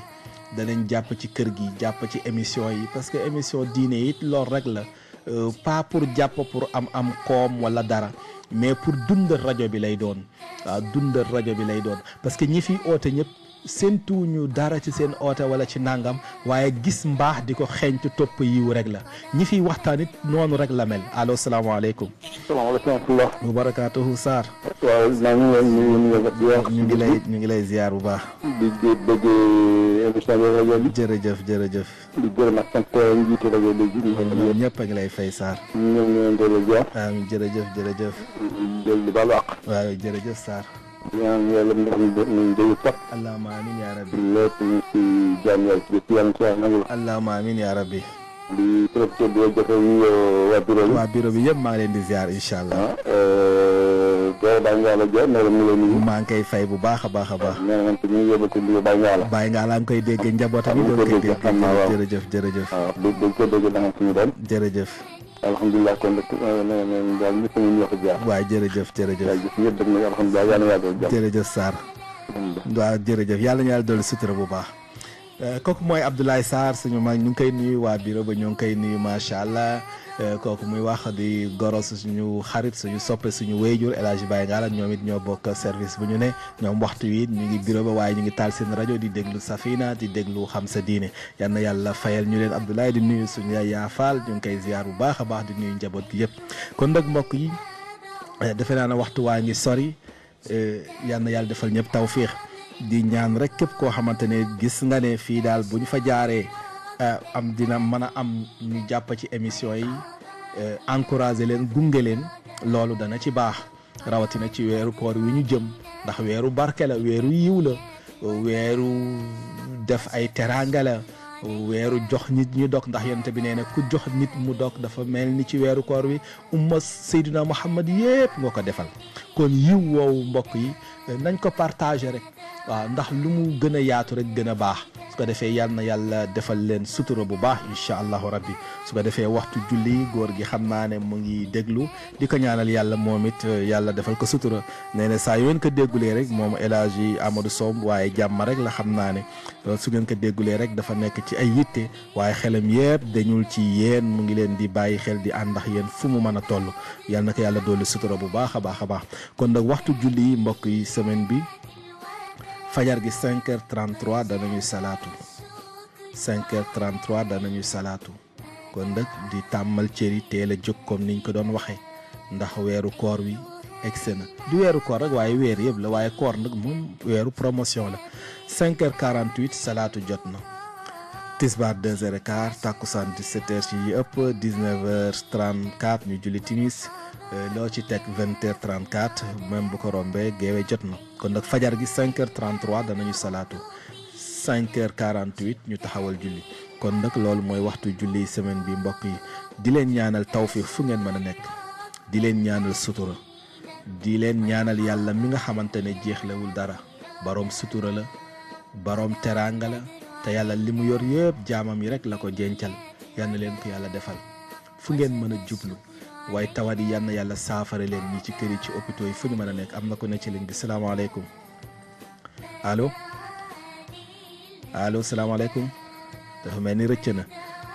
Speaker 1: danañ jàpp ci kër gi jàpp ci émission yi parce que émission diine yi lool rek la euh, pas pour jàpp pour am am koom wala dara mais pour dundal rajo bi lay doon waaw dundal rajo bi lay doon parce ñi fi oote ñëpp. séentuwuñu dara ci seen oote wala ci nangam waaye gis mbaax di ko xeeñtu topp yiw rek la ñi fiy waxtaan it noonu rek la mel allo salaamaaleykum. salaamaaleykum wa rahmatulah. wa barakaatuhu Sarr. waaw ñu ngi lay ñu ngi lay ziar bu baax. di di dégg émission bi rajo bi. jërëjëf jërëjëf. di gërëm ak sant njiitu rajo bi. ñëpp a ngi lay fay Sarr. ñoom ngi lay ziar. jërëjëf jërëjëf. jërëjëf Balu jërëjëf Sarr.
Speaker 2: ñaan yàlla ndam de nañ day topp
Speaker 1: allahumma amin ya rabbi
Speaker 2: lépp ñu
Speaker 1: waa bureau bi yëpp maa ngi leen di ziar incha allah Gora ah, euh, Baye Ngalla Dia maa ngi koy fay bu baax a baax a
Speaker 2: baax nee na te ñu yóbbu ko nuyu Baye Ngalla
Speaker 1: Baye Ngalla ngi koy dégg njabootam yi ah, doon koy dégg
Speaker 2: jërëjëf jërëjëf waaw ah, bu ko dégg da nga suñu jërëjëf alhamdulilah kon nag euh, daal
Speaker 1: ñëpp ñu ngi wax ak jaar. waaw jërëjëf jërëjëf. waaw gis ñëpp dëgg na alhamdulilah yàlla na yàlla waaw jërëjëf yàlla na yàlla dolli sutura bu baax. Euh, kooku mooy Abdoulaye Sarr suñu mag ñu ngi koy nuyu waa bureau ba ñoo ngi koy nuyu macha allah. Eh, kooku muy wax di goro suñu xarit suñu soppe suñu wéyjur El Hadj Baye Ngalla ñoom it ñoo bokk service bu ñu ne ñoom waxtu wi ñu ngi bureau ba waaye ñu ngi taal seen rajo di déglu Safina di déglu xam sa diine yal yàlla fayal ñu leen Abdoulaye di nuyu suñu Yaya Fall ñu ngi koy ziar bu baax a baax di nuyu njaboot gi yëpp kon nag mbokk yi eh, defe naa ne waxtu waa ngi sori eh, yal na yàlla defal ñëpp tawfiix di ñaan rek képp koo xamante ne gis nga ne fii daal bu fa jaaree Euh, am dina mën a am ñu jàpp ci émission yi euh, encourager leen gunge leen loolu dana ci baax rawatina ci weeru koor wi ñu jëm ndax weeru barke la weeru yiw la weeru def ay teraanga la weeru jox nit ñu dog ndax yonent bi nee na ku jox nit mu dog dafa mel ni ci weeru koor wi umma Seydina Muhammad yépp nga ko defal kon yiw woowu mbokk yi eh, nañ ko partager rek waaw ndax lu mu gën a yaatu rek gën a baax su ko defee yal na yàlla defal leen sutura bu baax incha allahu rabbi su ko defee waxtu julli góor gi xam naa ne mu ngi déglu di ko ñaanal yàlla moom it eh, yàlla defal ko sutura nee na saa yoon ko déggulee rek moom El Hadji Amadou Sow waaye jàmm rek la xam naa ne su ngeen ko déggulee rek dafa nekk ci ay yitte waaye xelam yëpp dañul ci yéen mu ngi leen di bàyyi xel di àndax yéen fu mu mën a toll yal na yàlla dolli sutura bu baax a baax a baax kon nag waxtu julli yi mbokk yi semaine bi fajar gi 5 heures 33 salaatu 5 heures 33 salaatu kon nag di tàmmal cër yi teel a jóg comme niñ ko doon waxee ndax weeru koor wi egsi na du weeru koor rek waaye weer yëpp la waaye koor nag moom weeru promotion la 5 heures 48 salaatu jot na. Tisbaar 2 heures et quart takkusaan 17 heures yi ëpp 19 heures 34 ñu julli timis euh, loo ci teg 20 heures 34 même bu ko rombee géewe jot na kon nag fajar gi 5 heures 33 danañu salaatu 5 heures ñu taxawal julli kon nag loolu mooy waxtu julli semaine bi mbokk yi di leen ñaanal tawfiix fu ngeen mën a nekk di leen ñaanal sutura di leen ñaanal yàlla mi nga xamante ne jeexlewul dara baroom sutura la baroom teraanga la te yàlla li mu yor yëpp jaamam yi rek la ko jencal yal leen ko yàlla defal fu ngeen mën a jublu waaye tawat yi yal na yàlla saafara leen ñi ci kër yi ci hôpitaux yi fu ñu mën a nekk am na ko ne ci ligne bi salaamaaleykum allo allo salaamaaleykum dafa mel ni rëcc na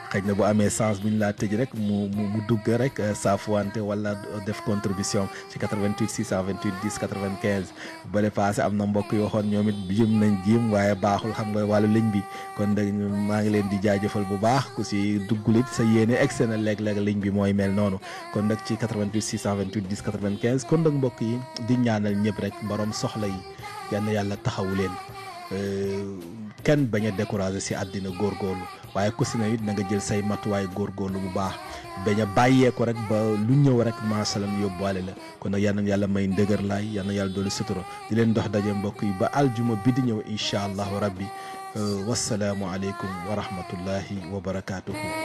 Speaker 1: xëy na bu amee sens bu ñu laa tëj rek mu mu mu dugg rek euh, saafuwante wala def contribution ci 88 628 10 95 bële paase am na mbokk yoo xoon ñoom it jëm nañ jiim waaye baaxul xam nga wàllu liñ bi kon da maa ngi leen di jaajëfal bu baax ku si duggulit sa yéene egsi na léeg-léeg liñ bi mooy mel noonu kon nag ci 88 628 10 95 kon nag mbokk yi di ñaanal ñëpp rek boroom soxla yi yal na yàlla taxawu leen euh, kenn bañ a découragé si àddina góorgóorlu waaye ku si ne it na nga jël say matuwaay góorgóorlu bu baax bañ a bàyyee ko rek ba lu ñëw rek maasalam yóbbuwaale la kon nag yal yàlla may ndëgër laay yal na yàlla doolu sutura di leen dox daje mbokk yi ba aljuma bi di ñëw incha allahu rabbi wasalaamualeykum wa rahmatullahi wa barakaatuhu.